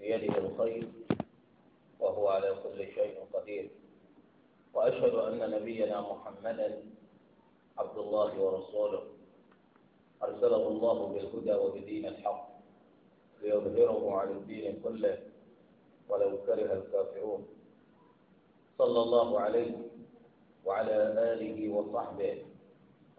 بيده الخير وهو على كل شيء قدير وأشهد أن نبينا محمدا عبد الله ورسوله أرسله الله بالهدى وبدين الحق ليظهره على الدين كله ولو كره الكافرون صلى الله عليه وعلى آله وصحبه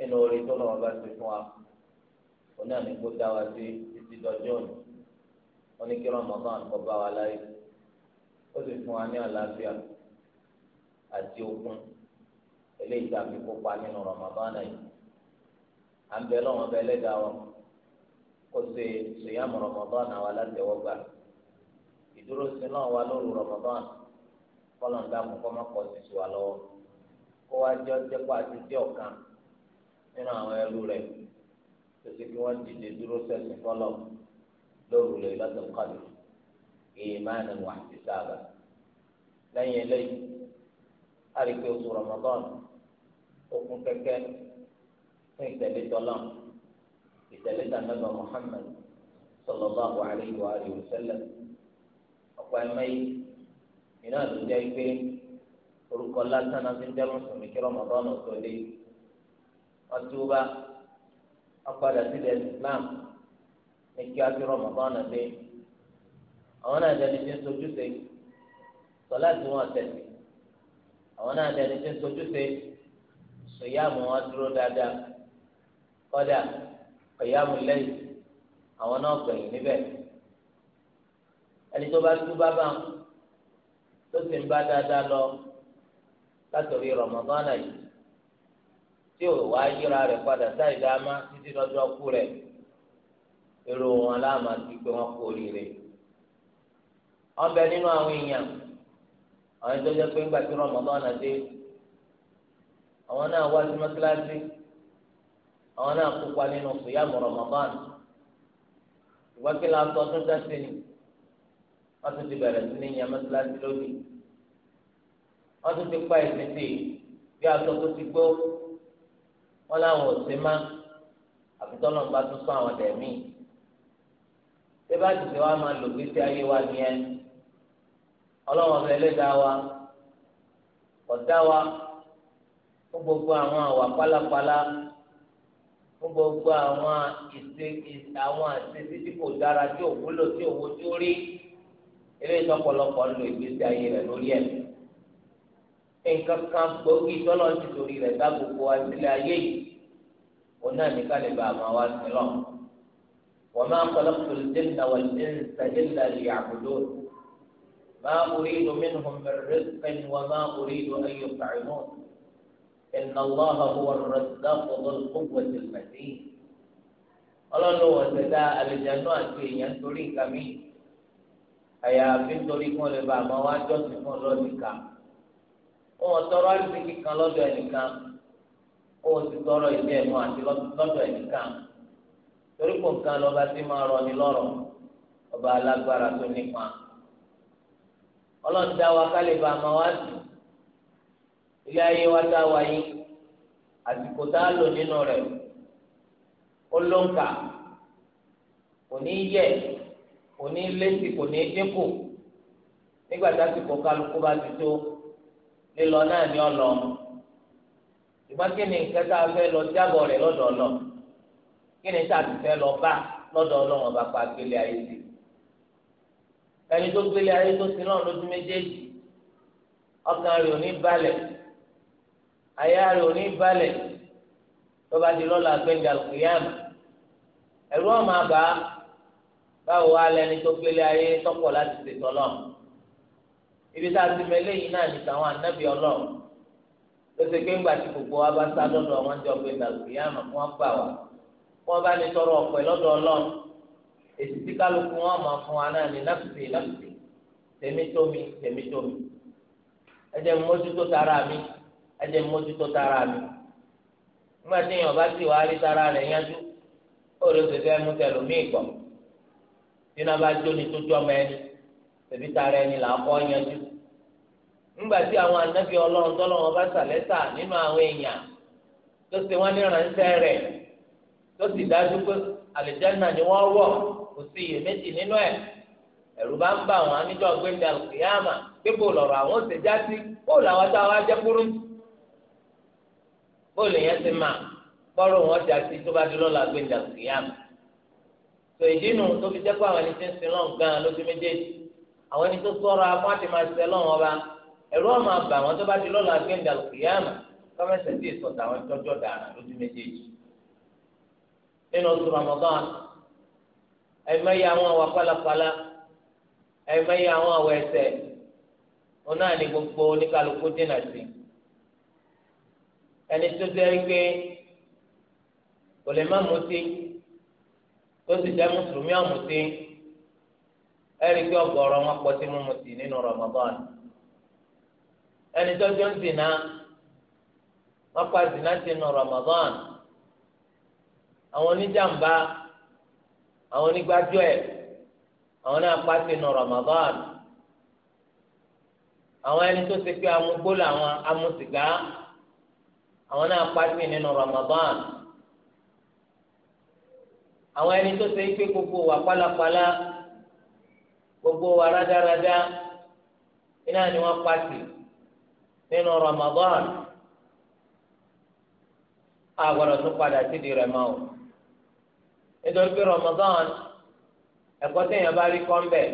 nínú orí tó lọ́wọ́ bá ti fún wa ó ní kó dá wa sí títí dọjọ́ òní ó ní kí Ramadan kó bá wa láyé ó sì fún wa ní àlàáfíà àti okun eléyìí tá a fi kópa nínú Ramadan yìí à ń bẹ lọ́wọ́ bẹ lẹ́dàá wọn kó ṣe ṣèyàmù Ramadan àwa látẹ̀wọ́gbà ìdúró náà wà lóru Ramadan kọ́lọ̀ ń dààmú kọ́ sí lọ́wọ́ kó nínú àwọn ẹrú rẹ̀ tètè kí wọ́n dìde dúró sẹ́sìn fọlọ́ lóru lè lọ́tọ̀ kọ́lù ìmáàna wà ti sábà lẹ́yìn eléyìí àríkè oṣù Ramadan okun kẹ́kẹ́ fún ìtẹ̀lé tọ́lọ́ ìtẹ̀lé tànàbà Muhammad sallallahu alayhi wa alihi wa sallam ọ̀pọ̀ ẹ̀mẹ́ yìí iná ló jẹ́ orúkọ lásán náà ti ń jẹ́ mùsùlùmí kí Ramadan ọ̀tọ̀ lé ọtúbà ọpadà sílẹ̀ islam ní kí á fi rọmọbọ́n náà dé àwọn náà dẹni tí ń sojúṣe sọlá tí wọn tẹsí àwọn náà dẹni tí ń sojúṣe sòyàmù wọn dúró dáadáa kọdà ọyàmù lẹ́yìn àwọn náà gbẹ̀yìn níbẹ̀ ẹni tó bá tú bábà tó sì ń bá dáadáa lọ látòrí rọmọbọ́n yìí tí o wá yíra rẹ̀ padà sáì dáama títí lọ́jọ́ kú rẹ̀ èrò wọn láàmà ti pé wọn kú oríire. ọbẹ̀ nínú àwọn èèyàn àwọn ẹjọ́ jẹ́ pé ńgbà tí rọmọdọ́nà dé àwọn náà wá sí mọ́tíláṣí àwọn náà kópa nínú sùyàmù rọmọdọ́nà ìwọ́n kí la tọ́ tún dáṣe ni wọ́n tún ti bẹ̀rẹ̀ sí ní yan mọ́tíláṣí lónìí wọ́n tún ti pa ẹ̀sìn sí bí aṣọ tó ti gbó wọn láwọn ò sí má àfitọ́nà bá tún sọ àwọn dẹ̀mí ṣé bá ti ṣe wá máa lò gbèsè ayé wa nìyẹn ọlọ́wọ́n ọ̀fẹ́ lè dá wa ọ̀dá wa fún gbogbo àwọn àwà pálapàla fún gbogbo àwọn ìṣe àwọn àṣeṣe tí kò dára tí ò wúlò tí ò wojú rí eré ìtọ́pọ̀lọpọ̀ ń lo ìgbésí ayé rẹ̀ lórí ẹ̀ nǹkan kan gbòógì tọ́lọ̀ ti torí rẹ̀ dá gbogbo wa sílẹ̀ ayé yìí òun náà ní kálí bá àwọn wa sí lọ. wọ́n máa kọ́lọ́ pẹ̀lú dènà wà ní sàdé lálẹ́ àbúdó máa orí inú mi nù mẹ́rẹ́ pẹ̀lú wọ́n máa orí inú ayé pàrọ̀ iná lọ́hà wọ́n rẹ̀ dá fọ́lọ́ gbogbo ti pẹ̀lú. ọlọ́run wọ̀ ṣẹ̀dá àlejànú àti èèyàn torí nǹkan mi àyàfi nítorí kí wọ́n lè bá àwọn wa jọ́sìn òun tọrọ àrísìkí kan lọ́dọ̀ ẹnìkan òun ti tọrọ ìdí ẹnu àti lọ́dọ̀ ẹnìkan torí kò nǹkan lọ́ba tí máa rọ ni lọ́rọ̀ ọba alágbára tó nípa ọlọ́run dá wa kálíba àmọ́ wá sí ilé ayé wa dá wa yí àsìkò tá a lò nínú rẹ̀ ó ló ń kà kò ní yẹ kò ní lẹ́sì kò ní dínkù nígbà tá a ti kọ́ kálukú bá ti tó lílọ náà ní ọlọ ìgbọ́n kí ni nǹkan tá a fẹ́ lọ jábọ̀ rẹ̀ lọ́dọ̀ ọlọ kí ni tá a ti fẹ́ lọ bá lọ́dọ̀ ọlọ́run ọba pa gbélé ayé sí ẹni tó gbélé ayé tó sí náà lójú méjèèjì ọkàn rẹ̀ ò ní balẹ̀ àyà rẹ̀ ò ní balẹ̀ tó bá di lọ́la gbẹ̀ngà kìyàmù ẹ̀rú ọ̀ máa bá báwo wá lẹni tó gbélé ayé tọ́pọ̀ láti ṣètò ọlọ́run ibi tá a ti mọ eléyìí náà ní tàwọn anábì ọlọ́run ló ṣe pé ńgbà tí gbogbo wa bá sá lọ́dọ̀ wọn jọ pé nàìjíríà yàmà fún wọn gbà wá wọn bá ní tọrọ ọ̀pẹ lọ́dọ̀ ọlọ́run èsì tí kálukú wọn máa fún wa náà ní lápìsì lápìsì tèmítómi tèmítómi ẹ jẹ́ mójútó tara mi ẹ jẹ́ mójútó tara mi ńgbà tí èèyàn bá ti wàá rí tara rẹ̀ yánjú ó lè ṣe fẹ́ mú tẹlómi ìgbọ̀ nínú abájọ́ ni tó jọ́ ẹni tẹ̀bí tara ẹni là á kọ́ yanjú àwọn anábì ọlọ́run tọ́lọ́run ọba sàlẹ́sà nínú àwọn èèyàn tó ṣe wọ́n ní ránṣẹ́ rẹ̀ tó ti dájú pé àlùjánnà ni wọ́n wọ̀ kò sí iyèméjì nínú bá ń wọ́n níjọ́ gbẹ̀ndẹ̀ àlùkìyàmà pé àwọn ṣe làwọn tá a wá kúrú ti mà wọn àwọn ẹni tó sọ̀rọ̀ abọ́ àti máa ṣiṣẹ́ lọ́wọ́ ọba ẹ̀rú ọmọ àbà wọn tó bá di lọ́la gbẹ̀ndà kìyàmà kọ́mẹ́sẹ̀ tí ìsọ̀tà àwọn tọ́jọ́ dàrà lójú méjèèjì. nínú oṣù Ramadan ẹ̀mẹ́yẹ àwọn àwà pálapàla ẹ̀mẹ́yẹ àwọn àwà ẹ̀ṣẹ̀ wọn náà ní gbogbo oníkàlùkù dínà sí. ẹni tó jẹ́ pé kò lè má mutí tó sì jẹ́ mùsùlùmí àmùtí ẹ̀rí pé ọ̀gọ̀rọ̀ wọn pọ̀ sí mímu tì nínú Ramadan ẹni tọ́jú ń zina wọn pa zina sí nínú Ramadan àwọn oníjàmbá àwọn onígbájọ́ ẹ̀ àwọn náà pa sí nínú Ramadan àwọn ẹni tó ti pé amúgbó làwọn amúsìgá àwọn náà pa sí nínú Ramadan àwọn ẹni tó ti pé gbogbo wà pálapàla. gbogbo wa rádáradá iná ni wọ́n pàṣẹ nínú Ramadan àgbọ̀dọ̀ tún padà sí di rẹ̀ mọ́ o nítorí pé Ramadan ẹ̀kọ́ téèyàn bá rí kọ́ńbẹ̀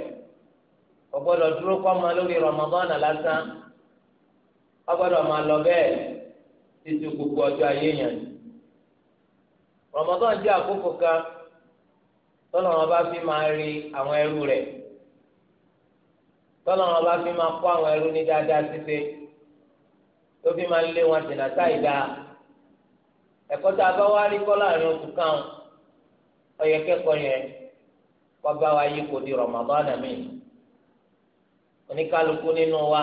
ọ̀gbọ́dọ̀ dúró kọ́mọ lórí Ramadan lásán máa lọ bẹ́ẹ̀ títí gbogbo ayé yẹn Ramadan àkókò kan bá fi tọ́lọ́wọ́n bá fi máa kọ́ àwọn ẹrú ní dáadáa títí tó fi máa lé wọn dènà sáì dáa ẹ̀kọ́ tá a bá wá rí kọ́ láàrin oṣù kan ọ̀yẹ́ kẹ́kọ̀ọ́ yẹn kọ́ bá wa yí kò di Ramadan mi oníkálukú nínú wa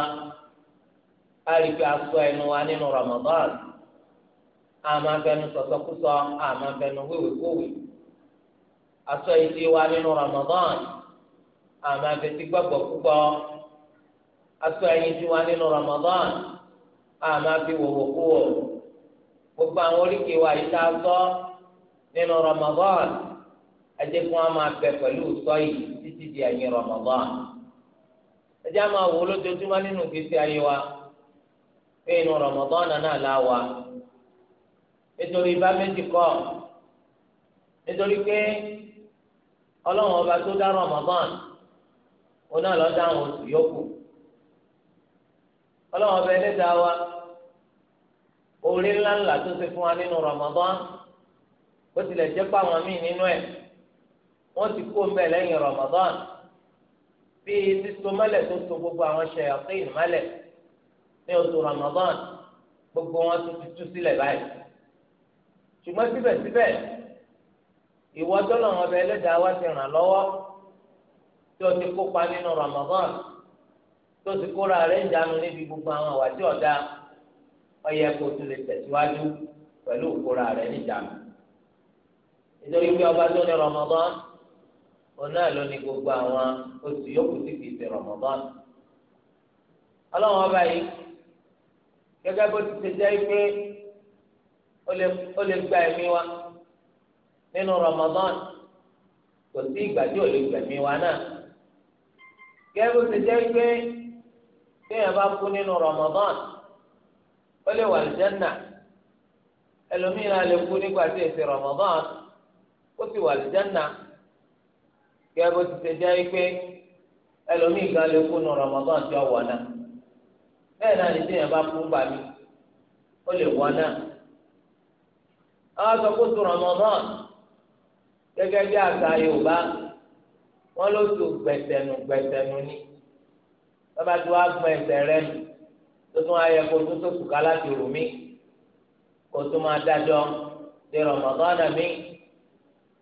a rí pé a sọ ẹnu wa nínú Ramadan a máa fẹnu sọ̀sọ́kúsọ a máa fẹnu wíwèkówè a sọ ìdí wa nínú Ramadan a máa fẹsí gbàgbọ́ púpọ̀ aṣọ ẹyin tí wà nínú Ramadan a máa fi wòwò kú o gbogbo àwọn oríkèé wa yìí tá a sọ nínú Ramadan ẹjẹ kí wọn máa bẹ pẹ̀lú sọ yìí títí di ẹ̀yìn Ramadan ẹjẹ a máa wò lójoojúmọ́ nínú gbèsè ayé wa pé inú Ramadan náà là wà nítorí bá méjì kọ́ nítorí pé ọlọ́run ọba tó dá Ramadan òun náà lọ́ọ́ dá oṣù yòókù ọlọ́run ọba ẹlẹ́dàá wa orí ńláńlá tó ṣe fún wa nínú Ramadan bó tilẹ̀ jẹ́ pé àwọn míì nínú ẹ̀ wọ́n ti kó mbẹ́ lẹ́yìn Ramadan bíi sísọ mọ́lẹ̀ tó so gbogbo àwọn ṣayatin mọ́lẹ̀ ní oṣù Ramadan gbogbo wọn tó ti tú sílẹ̀ báyìí ṣùgbọ́n síbẹ̀síbẹ̀ ìwọ́jọ́ lọ́wọ́ ọba ẹlẹ́dàá wa ti ràn lọ́wọ́ tó ti kópa nínú Ramadan tó ti kóra rẹ̀ ń jánu níbi gbogbo àwọn àwàtí ọ̀dà ọyẹ kó tó lè tẹ̀síwájú pẹ̀lú kóra rẹ̀ ní ìjánu. nítorí pé ọba tó ní Ramadan òun náà ló ní gbogbo àwọn oṣù yòókù tí kì í ṣe Ramadan. ọlọ́run ọba yìí gẹ́gẹ́ bó ti ṣe jẹ́ pé ó lè gba ẹ̀mí wa nínú Ramadan kò sí ìgbà tí ò lè gbẹ̀mí wa náà. gẹ́gẹ́ bó ti jẹ́ pé téèyàn bá kú nínú Ramadan ó lè wà lìjánà ẹlòmíràn lè kú nígbà tí èsì Ramadan ó sì wà lìjánà kí ẹ bó ti ṣe jẹ́ pé ẹlòmíì gan lè kú nínú Ramadan tí ó wọ̀ náà bẹ́ẹ̀ náà ni téèyàn bá kú gbà mí ó lè wọ̀ àwọn sọkóso Ramadan gẹ́gẹ́ bí àṣà Yorùbá wọn ló sùn gbẹ̀tẹ̀nù gbẹ̀tẹ̀nù ni bàbá tí wàá gbọ́n ẹsẹ̀ rẹ nù tó tún ayẹ kó tó tó kù ká láti rù mí kó tó máa dájọ́ di rọmọdọ́nà mi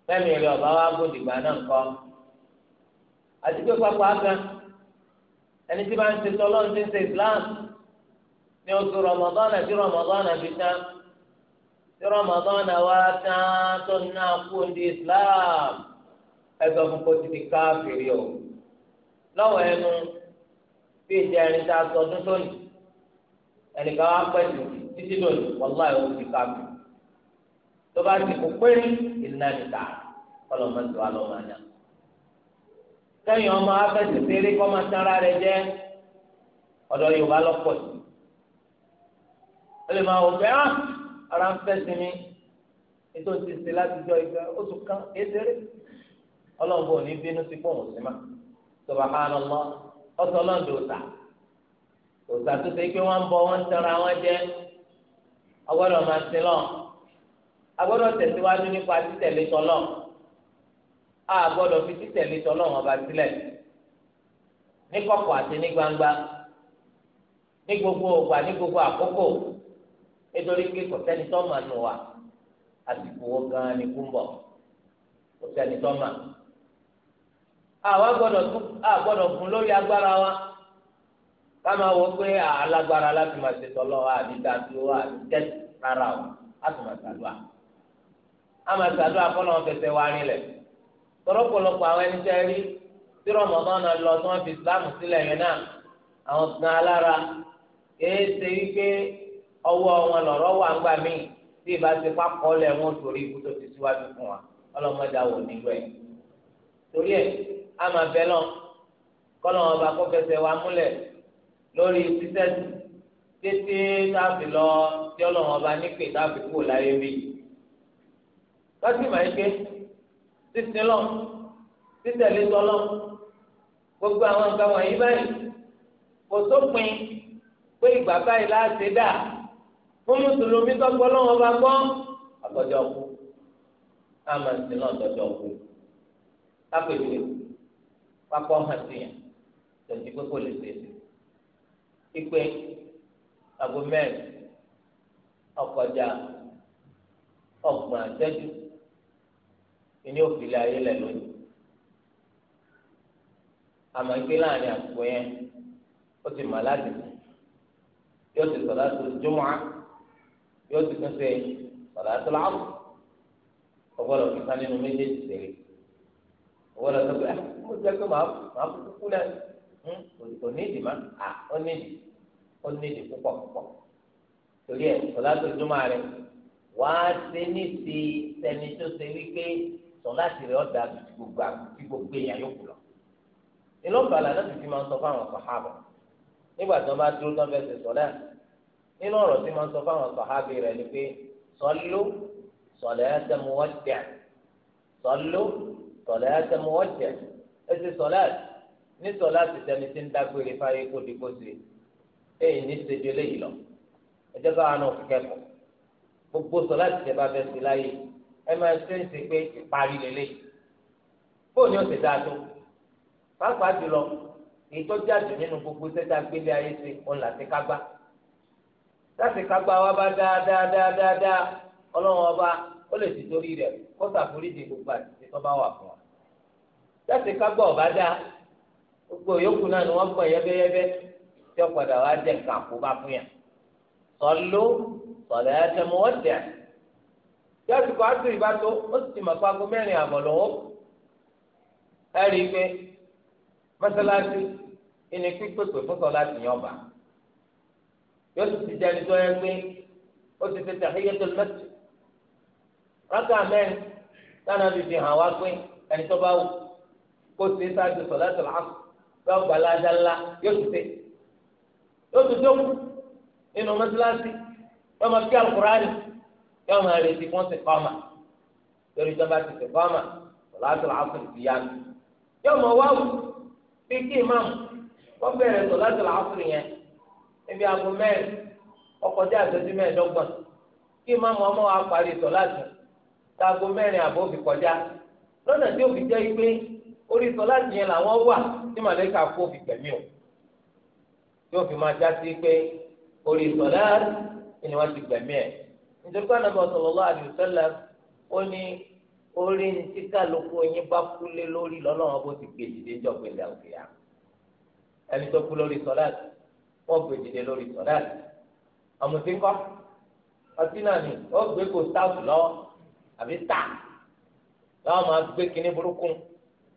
fẹ́mi rẹ ọba wa gbòdì gbà náà kọ́ àti pé pápá gan ẹni tí bá ń ṣe tọ́lọ́ ń ṣe ń ṣe Islam ní oṣù rọmọdọ́nà tí rọmọdọ́nà fi tán tí rọmọdọ́nà wa tán tó ná kú ní Islam ẹ̀sọ́ fún kó ti di káfíìrì o lọ́wọ́ ẹnu bí ìjẹ́ ẹni tá a sọ ọdún tó nì ẹnìkan wá pẹ̀lú títí lónìí wàllá ìwọ ti ká mi tó bá ti kó péré ìlànà ìta ọlọ́mọdé wa lọ́wọ́ àná. kẹ́yìn ọmọ afẹ́sì péré kọ́ máa sára rẹ jẹ́ ọ̀dọ̀ Yorùbá lọ́pọ̀ sí. ó lè máa hàn ah, ara ń fẹ́sìn mi ètò ti láti jọ ìgbà oṣù kan kéṣeré ọlọ́mọbó ò ní bínú sí pọ̀ wọ́n sí ma. Subhanallah ọsọlọ́ọ̀dù ọ̀sà ọ̀sà tó ṣe pé wọ́n ń bọ wọ́n ń tẹ̀ra wọn jẹ́ agbọ́dọ̀ máa ti lọ agbọ́dọ̀ tẹ̀síwájú nípa títẹ̀lé tọ́lọ̀ a gbọ́dọ̀ fi títẹ̀lé tọ́lọ̀ wọn bá sílẹ̀ ní kọ̀kọ̀ àti ní gbangba ní gbogbo ògbà ní gbogbo àkókò nítorí pé kò sẹ́ni tó mà nù wá àsìkò wo gan-an ni kú ń bọ̀ kò sẹ́ni tó mà àwa gbọ́dọ̀ a àgbọ́dọ̀ fún lórí agbára wa káma wọ pé alágbára láti máa ṣe tọlọ àbí dàdú àbí tẹsí rárá o láti máa ṣàdúrà a máa ṣàdúrà fọlọ wọn fẹsẹ̀ wá rinlẹ̀ tọ̀pọ̀lọpọ̀ àwọn ẹni tẹ rí tí rọmọdán lọ tí wọn islam yẹn náà àwọn gan alára ṣe wípé wọn wà ńgbà míì ìbá ti lẹ wọn torí ti síwájú fún wa àmà bẹlọ kọlọ ọba kó fẹsẹ̀ wa múlẹ̀ lórí sísẹsì tètè táàbì lọ tí Ọlọ́run ọba nípè táàbì kúrò láyé bí lọsí màá ike sísin lọ títẹ̀lé tọlọ gbogbo àwọn nǹkan wọ̀nyí báyìí kò sópin pé ìgbà báyìí láti dà fún mùsùlùmí tọgbọ lọ́wọ́ bá gbọ́ àgbọjọ kú àmà sí náà tọjọ kú lápèjì. pápá ọmọ ìsìnyàn tẹ̀sí pé kò lè Ipe àgbo ọkọjà ọgbọ̀n àtẹ́jú ní òfìlẹ̀ ayé lẹ̀ lónìí. Àmọ́ ike láàrin yẹn ó ti mà láti sùn. Yóò ti sọ̀rọ̀ àti ojúmọ́ Yóò ti tún ṣe sọ̀rọ̀ àti Ọgbọ́dọ̀ kíkan kó jẹ́ pé màá màá kúkú náà kò ní ìdì má à ó ní ìdì ó ní ìdì púpọ̀ púpọ̀ torí ẹ̀ sọlá tó dúnmọ́ rẹ wá ṣe ní ti sẹni tó ṣe wípé sọlá ti rẹ ọ̀dà gbogbo àti gbogbo èèyàn yóò kù lọ. ìlọ́ọ̀bà làdá ti fi máa ń sọ fáwọn sàhábà nígbà tí wọ́n bá dúró tán fẹ́ ṣe sọlá nínú ọ̀rọ̀ tí máa ń sọ fáwọn sàhábì rẹ ni pé sọlú sọlá ẹ̀ tẹ́ wọ́n jẹ́ sọlú sọlá ẹ̀ tẹ́ wọ́n jẹ́ ẹ ṣe sọláàtì ní sọláàtì tẹni tí ń dágbére fáyé kó di kó ṣe èyí ní ṣèjú eléyìí lọ ẹjẹ káwa náà fi kẹ́kọ̀ọ́ gbogbo sọláàtì tẹ bá fẹẹ sí láyé ẹ máa ṣe ń ṣe pé ìparí lélẹyìí fóònù yóò ṣe dáa tó pàápàá jùlọ ìtọ́jú àjò nínú gbogbo sẹ́ta gbélé ayé ṣe òun làti kágbá láti kágbá wa bá dáadáadáadáa ọlọ́run ọba ó lè ti torí rẹ̀ kó ṣàforíjì gbogbo àti tó bá wà fún tẹ́sí kágbọ́ ọ̀bá dá gbogbo yòókù náà ni wọ́n gbọ́ yẹ́bẹ́yẹ́bẹ́ tí ó padà wá jẹ́ nǹkan àkóbá fún yà sọlú sọlẹ̀ ẹ̀tẹ̀mú wọ́n tẹ̀ tẹ́sí kọ́ àtúrì bá tó ó sì ti màkó aago mẹ́rin àbọ̀ lọ́wọ́ ẹ rí i pé mọ́sálásí ìní pípèpè fún sọlá ti yàn bá yóò sì ti jẹ́ni tó yẹ pé ó ti ti tahiyatul masjid rákà mẹ́rin táwọn àbí hàn wá pé ẹni tó bá wù kó ti sáájú sọ̀lá sọ̀lá àpò bá gbàládá ńlá yóò ti tẹ̀. yóò ti dókú nínú mọ́tíláṣí yóò máa kí alukuraani yóò máa retí fún sèkọ́mà lórí ìjọba ti sèkọ́mà sọ̀lá sọ̀lá àpò ti yá mi. yóò máa wá wù bí kí ìmáàmù wọ́n bẹ̀rẹ̀ sọ̀lá sọ̀lá àpò yẹn níbi aago mẹ́rin ọkọ̀ tí àtẹ́jú mẹ́ẹ̀ẹ́dọ́gbọ̀n kí ìmáàmù ọmọ wa parí sọ̀lá sọ̀lá aago mẹ́rin àbọ̀ òfin kọjá lọ́nà tí òfin jẹ́ pé orí sọlá yẹn làwọn wà tí màlẹ́kà kó fi tẹ̀mí o yóò fi máa jásí pé orí sọlá ni wọ́n ti gbẹ̀mí ẹ̀ nítorí pé ànábọ̀ sallallahu alaihi wasallam ó ní orí ní títà lóko yín bá kú lé lórí lọ́lọ́wọ́n bó ti gbé ìdílé jọ pé ilẹ̀ òkè yá ẹni tó kú lórí sọlá wọ́n gbé ìdílé lórí sọlá àmùtí ọtí náà ni ó gbé kó sáàtù lọ́wọ́ àbí tà láwọn máa gbé kinní burúkú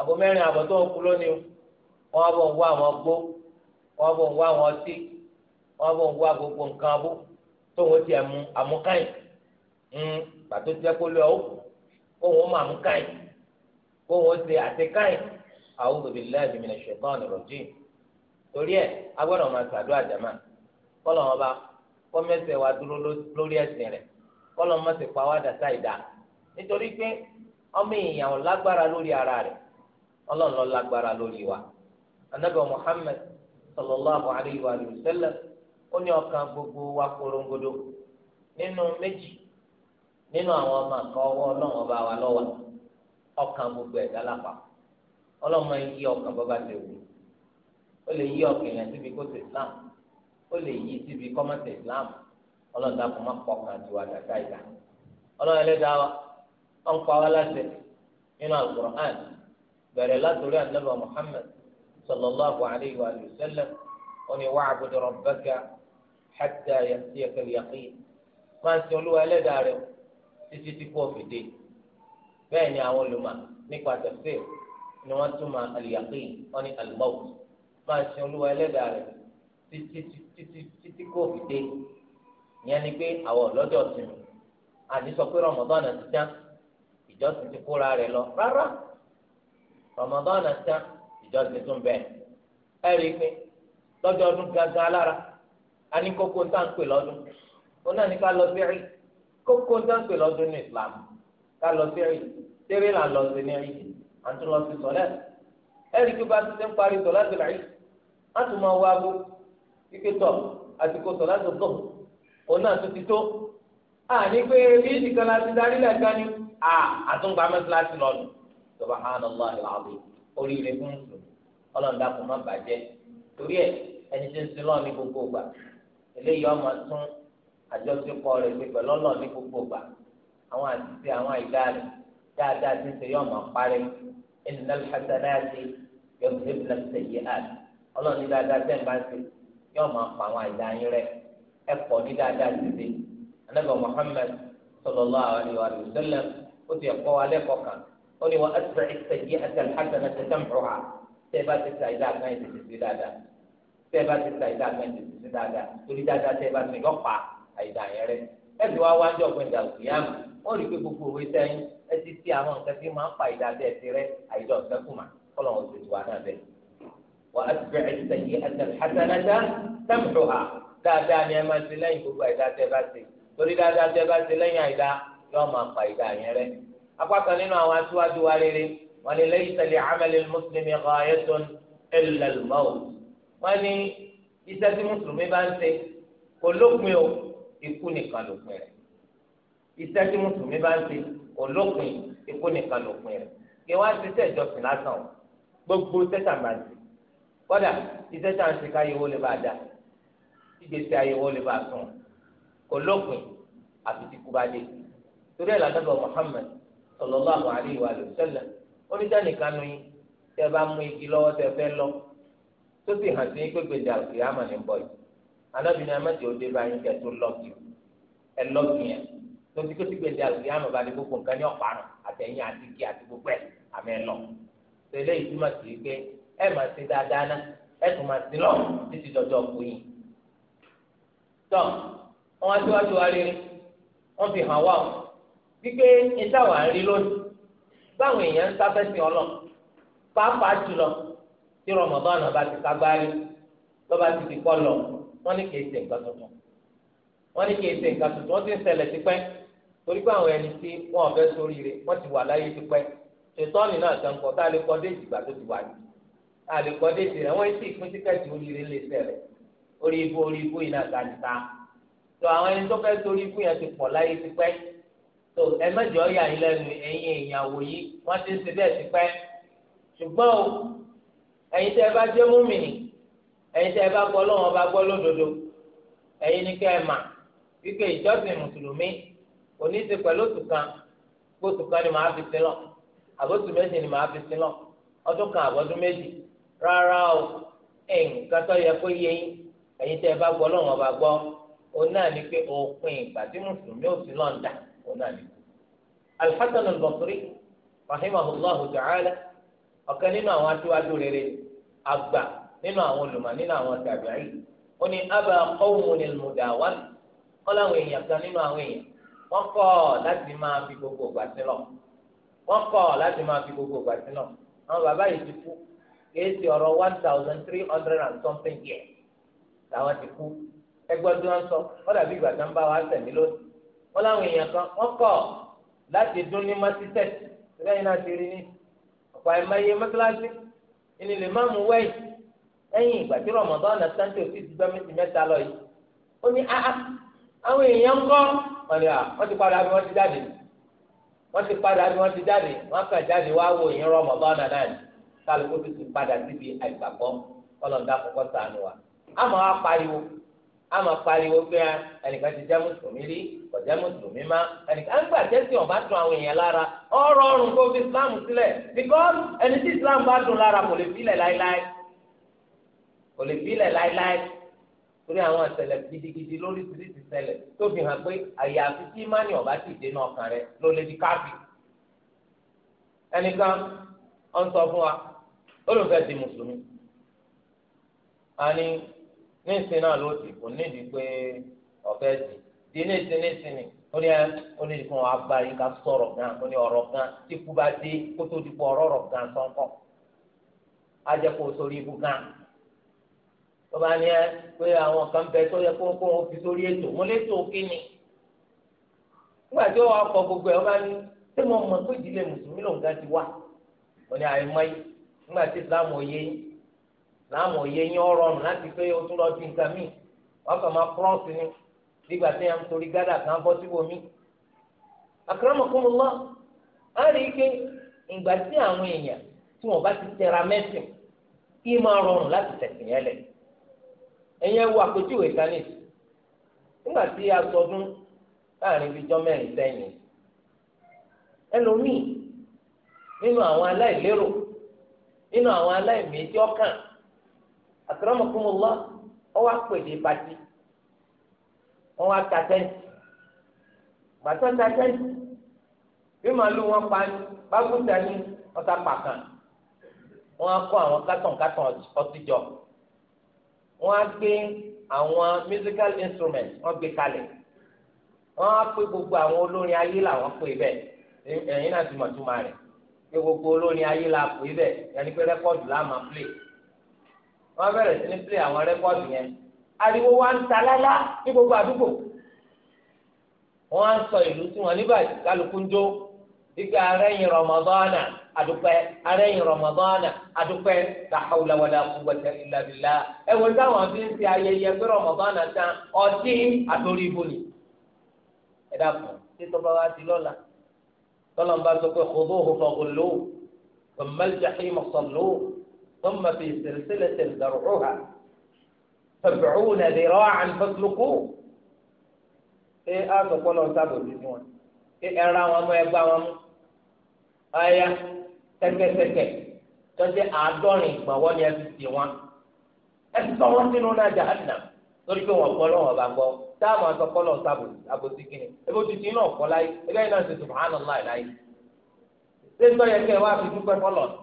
àgọ́ mẹ́rin àbọ̀ tó ń kú lónìí wọ́n bọ̀ ń wá àwọn gbó wọ́n bọ̀ ń wá àwọn ọtí wọ́n bọ̀ ń wá gbogbo nǹkan abó tóun ti ẹ̀mú àmúkáyìn pàtó hmm, jẹ́ kó lọ òun mọ àmúkáyìn kóun ṣe àtikáyìn a'udhu billahi minash shaitani rajim torí ẹ̀ agbọ́dọ̀ máa ṣàdó àjàmá kọ́lọ̀ wọn bá kọ́mẹ́sẹ̀ wa dúró lórí ẹ̀sìn rẹ̀ kọ́lọ̀ wọn sì pa wá dàtà ìdá nítorí pé ọmọ èèyàn lágbára lórí ara rẹ̀ ọlọ́run ló lágbára lórí wa anabi muhammed sallallahu alayhi wa sallam ó ní ọkàn gbogbo wa korongodo nínú méjì nínú àwọn ọmọ àkọ́ ọwọ́ ọlọ́run ọba wa lọ́wọ́ ọkàn gbogbo ẹ̀dá lápá ọlọ́run máa ń yí ọkàn bọ́ba ti wù ó lè yí ọkàn yẹn síbi kó ti islam ó lè yí síbi islam ọlọ́run má ọlọ́run ẹlẹ́dàá bẹ̀rẹ̀ látòrí ànábà muhammed sallallahu alayhi wa sallam oní wa'budu rabbaka hatta ya'tiyaka al-yaqin máa ń sin olúwa ẹlẹ́dàá rẹ̀ títí tí kò fi dé bẹ́ẹ̀ ni àwọn olùmọ̀ nípa tafsir ni wọ́n túmọ̀ al-yaqin oní al-maut máa ń sin olúwa ẹlẹ́dàá rẹ̀ títí títí títí kò fi dé ìyẹn ni pé àwọn ọ̀lọ́dọ̀ sinmi àti sọ pé rọmọdọ́nà ti dá ìjọsìn ti kóra rẹ̀ lọ rárá. Ramadan tán ìjọsìn tún bẹ ẹ rí i pé lọ́jọ́ ọdún gangan alára a ní kókó tá à ń pè lọ́dún ó náà ní ká lọ sí rí kókó tá à ń pè lọ́dún ní Islam ká lọ sí rí tẹ́rì là lọ sí ní rí àti lọ sí sọ̀lẹ́ ẹ rí i pé bá a ti ṣe ń parí sọ̀lá ti rí a tún máa wá bó ike tọ̀ àsìkò sọ̀lá tó tọ̀ òun náà tún ti tó a ní pé bí ìdìkan la ti darí lẹ́ẹ̀kan ni a àtúngbà mẹ́sàlá ti lọ́dún subhanallahi alazim oríire fún mùsùlùmí ọlọ́ọ̀dà kò má bàjẹ́ torí ẹ ẹni tí ń sin lọ́ọ̀ ní gbogbo gbà eléyìí ọmọ tún àjọṣepọ̀ rẹ̀ pé pẹ̀lú ọlọ́ọ̀ ní gbogbo gbà àwọn àtìsí àwọn àìdá rẹ̀ dáadáa ti ń ṣe yọ̀ọ̀mọ̀ parí innal hasanati yudhibna as-sayyi'at ọlọ́ọ̀ni dáadáa tẹ̀ ń bá ṣe yọ̀ọ̀mọ̀ pa àwọn àìdá yín rẹ̀ ẹ pọ̀ ní dáadáa ti ṣe anábẹ́ Muhammad sallallahu ó ní wọn ẹsẹ̀ ẹsẹ̀ yí ẹsẹ̀ lẹ́sẹ̀ ẹsẹ̀ tẹ̀ mùrùhà tẹ́ bá ti sa ìdá kan ẹ̀sìn ti sí dáadáa tẹ́ bá ti sa ìdá kan ẹ̀sìn ti sí dáadáa torí dáadáa tẹ́ bá ti yọ pa àìdá yẹn rẹ ẹ̀sì wá wájú ọ̀gbìn ìdàgbì yá mà wọ́n rí i pé gbogbo òwe sẹ́yìn ẹ ti ti àwọn nǹkan tí máa ń pa ìdá tẹ́ ti rẹ àìdá ọ̀sẹ̀ apákan nínú àwọn aṣíwájú wa rere wọn ni lẹ́yìn tẹ̀lé amẹ́lẹ́ mùsùlùmí ọ̀hayẹ́tọ́n ẹlẹ́lùmọ́ọ̀ wọn ni iṣẹ́ tí mùsùlùmí bá ń ṣe kò lópin o ikú nìkan lópin rẹ̀ iṣẹ́ tí mùsùlùmí bá ń ṣe kò lópin ikú nìkan lópin rẹ̀ kí wọ́n á ti tẹ̀ ìjọsìn lásán o gbogbo tẹ́tà máa ń ṣe kódà iṣẹ́ tí a ń ṣe káyéwó lè bá dà ìgbésí ayéwó lè bá sùn kò lópin àfi tí bá dé torí ẹ̀ làdàbọ̀ Muhammad sallallahu alaihi wa sallam oníjànìkan nu yín tẹ bá mú igi lọ́wọ́ tẹ fẹ́ lọ tó sì hàn sí pé gbèdà kìámà ní bọ̀ yìí anábì ní amájì òde bá yín kẹ tó lọ́ọ̀kì ẹ lọ́ọ̀kì yẹn tó ti kó sí gbèdà kìámà bá ní gbogbo nǹkan ní ọ̀parun àtẹ̀yìn àti kì àti gbogbo ẹ̀ àmì ẹ̀ lọ. tẹ̀lé ìtumọ̀ sí pé ẹ máa ti dáadáa ná ẹ tún máa ti lọ títí dọjọ́ kù yín. tọ́ wọn aṣíwájú wa rere wọ́n fi hàn wá o wípé ẹ̀dá wà rí lónìí báwọn èèyàn ń sáfẹ́ sí ọlọ́ pàápàá jùlọ tí rọmọdọ́nà bá ti kagbárí lọ́ba ti di kọ́ lọ wọ́n ní kìí ṣe nǹkan tuntun wọ́n ní kìí ṣe nǹkan tuntun wọ́n ti ń ṣẹlẹ̀ tipẹ́ torí pé àwọn ẹni tí wọ́n fẹ́ sórí rẹ̀ wọ́n ti wà láyé tipẹ́ ṣètọ́ọ̀nì náà kan kọ́ tá a lè kọ́ déètì ìgbà tó ti wà yìí tá a lè kọ́ déètì rẹ̀ wọ́n ti ìpín tíkẹ́ẹ̀tì oríire lè ṣẹlẹ̀ orí ibú orí ibú yìí náà ta níta tó àwọn ẹni tó fẹ́ sórí ibú yẹn ti pọ̀ láyé tipẹ́ tó ẹ mẹ́jọ yà yín lẹ́nu ẹ̀yin ìyàwó yìí wọ́n ti ń ṣe bẹ́ẹ̀ ti pẹ́ ṣùgbọ́n o ẹ̀yin tẹ́ ẹ bá jẹ́ múmìnì ẹ̀yin tẹ́ ẹ bá gbọ́ lọ́wọ́ bá gbọ́ lódodo ẹ̀yin ni kẹ́ ẹ mà wípé ìjọsìn mùsùlùmí òní ti pẹ̀lú oṣù kan oṣù kan ni màá fi sin lọ àbóṣù méjì ni màá fi sin lọ ọdún kan àbọ̀dún méjì rárá o nǹkan tó yẹ kó yé yín ẹ̀yin tẹ́ ẹ bá gbọ́ lọ́wọ́ bá gbọ́ òun náà ni pé òpin ìgbà tí mùsùlùmí ò sí lọ́ndà onáni. alḥasan al-basri rahimahullahu ta'ala ọ̀kan nínú àwọn aṣíwájú rere àgbà nínú àwọn olùmọ̀ nínú àwọn tàbí'í ó ní abba qawmun al-mudawan wọn làwọn èèyàn kan nínú àwọn èèyàn wọn kọ̀ láti máa fi gbogbo ìgbà sílọ wọn kọ̀ láti máa fi gbogbo ìgbà sílọ àwọn bàbá yìí ti kú kéésì ọ̀rọ̀ one thousand three hundred and something years làwọn ti kú ẹgbẹ́ tí wọ́n sọ wọ́n dàbí ìgbà tí wọ́n bá wa sẹ̀mí lónìí wọn láwọn èèyàn kan wọn kọ̀ láti dún ní masitẹt lẹ́yìn náà ti rí ní ọ̀pọ̀ àìmọye ìní lè má mú ìgbà tí ti ti gbọ́ méjì mẹ́ta lọ yìí ó ní áá ah, ah, àwọn èèyàn ń kọ́ wọn ni ah, wọ́n ti padà bí ti jáde ti padà bí ti jáde jáde wá wo ìyẹn náà ni kálukú ti ti a máa pariwo pé ẹnìkan ti jẹ́ mùsùlùmí rí kò jẹ́ mùsùlùmí má ẹnìkan ń gbà jẹ́sí ọ̀bá tún àwọn èèyàn lára ọ̀rọ̀ ọ̀rùn kó fi islam sílẹ̀ because ẹni tí islam bá dùn lára kò lè filẹ̀ láéláé kò lè filẹ̀ láéláé torí àwọn ìṣẹ̀lẹ̀ gidigidi lórí ìṣiríṣi ìṣẹ̀lẹ̀ tó fi hàn pé àyàfi tí mání ọ̀bá ti dé náà kàn rẹ ló lè di káfí ẹnìkan ọ̀ ń sọ fún wa olùfẹ́ di mùsùlùmí ní ìsìn náà ló ti kò nídìí pé ọ̀fẹ́ ti di ní ìsìn ní ìsìn ni ó ní ó ní ìfún wa bá yín ká sọ̀rọ̀ gan ó ní ọ̀rọ̀ gan tí kú bá dé kó tó di pọ̀ ọ̀rọ̀ ọ̀rọ̀ gan sọ́nkọ́ á jẹ́ kó sórí ibú gan tó bá ní ẹ pé àwọn kan bẹ tó yẹ kó kó wọn fi sórí ètò mo lè tó kí ni nígbà tí wọn kọ gbogbo ẹ wọn bá ní ṣé mo mọ̀ pé ìdílé mùsùlùmí lòun gan ti wà ó ní àìmọye nígbà tí Islam ò yé na yẹ yín ọ̀rọ̀ ọ̀run láti pé o tún lọ di nǹkan míì wọ́n kàn máa kúrọ́ọ̀sì ni nígbà tí wọ́n torí gádà kan bọ́ síbò mí. akramakumullah á rí i pé ìgbà tí àwọn èèyàn tí bá ti tẹra mẹ́sìn kí máa rọrùn láti tẹ̀sìn yẹn lẹ̀. ẹ̀yin ẹ̀wọ̀ àpèjúwe sanis nígbà tí a sọdún láàrin bíjọ́ mẹ́rin sẹ́yìn ẹlòmíì nínú àwọn aláìlérò nínú àwọn aláìmẹjọ akramakumullah ọwọ́ àpèdè bàtí ọwọ́ àtàtẹ́ǹtì bàtọ́ àtàtẹ́ǹtì bí màálù wọn pa ni bákúta ni ọ̀tá pàkàn wọn á kó àwọn katon katon jọ wọn á gbé àwọn musical instruments wọn gbé kalẹ̀ wọn á pé gbogbo àwọn olórin ayé làwọn pè bẹ́ẹ̀ ẹ̀yin náà ti mọ̀ túmọ̀ rẹ̀ pé gbogbo olórin ayé la pè bẹ́ẹ̀ yẹn ni pé rẹ́kọ́ọ̀dù la máa play wọ́n bẹ̀rẹ̀ sí ní pílé àwọn rẹ́kọ́ọ̀dù yẹn ariwo wa ń ta lálá ní gbogbo àdúgbò wọ́n á ń sọ ìlú tí wọ́n níbà kálukú ń jó dígbà arẹ́yìn rọmọdọ́nà àdúpẹ́ arẹ́yìn rọmọdọ́nà àdúpẹ́ làhàwùlà wàlà quwwata illa billah ẹ wò táwọn fi ń ṣe ayẹyẹ pé rọmọdọ́nà tán ọtí àtòrí ibo ẹ dàpọ̀ títọ́ bá wá sí lọ́la tọ́lọ́mbà sọ pé khudhuhu faghulluhu thumma al-jahima salluhu. ثم في سلسلة ذرعها سبعون ذراعا فاسلكوه ṣé a sọ pé ọlọ́run sábà òbí ni wọn ṣé ẹran wọn mú ẹgbà wọn mú ọyá tẹkẹtẹkẹ tọjẹ àádọ́rin ìgbọ̀nwọ́ ni ẹ ti di wọn ẹ ti tọ́ wọn sínú náà jahannam torí pé wọn kọ́ lọ́wọ́ bá gbọ́ táwọn aṣọ kọ́ lọ́wọ́ sábà àbòsí kìíní ebi òtítì náà kọ́ láyé ebi ẹ̀yin náà ṣe subhanallah láyé ṣé ń tọ́ yẹ kẹ́ ẹ wá fi dúpẹ́ fọlọ́ọ̀tì.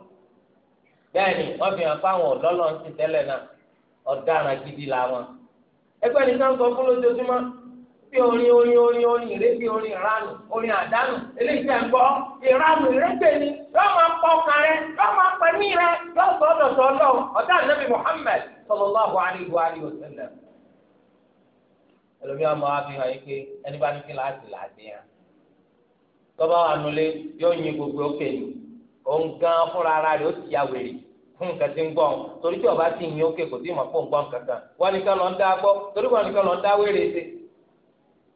bẹ́ẹ̀ni wọ́n fi hàn fáwọn ọ̀dọ́lọ́ na ti tẹ́lẹ̀ náà ọ̀daràn gidi làwọn. ẹgbẹ́ ni sáńsọ fún lójoojúmọ́ bí orin orin orin orin ìrèké orin ìranù orin àdánù eléyìí tẹ̀ ń gbọ́ ìranù ìrèké ni yóò máa pọ̀ ọkàn rẹ yóò máa rẹ yóò sọ sọ ẹlòmí gbogbo ya wèrè. fún nǹkan tí ń torí tí ọba ti yin ókè kò tí ì mọ̀ fún nǹkan kankan wọn nìkan lọ ń dá gbọ́ torí wọn nìkan lọ ń dá ṣe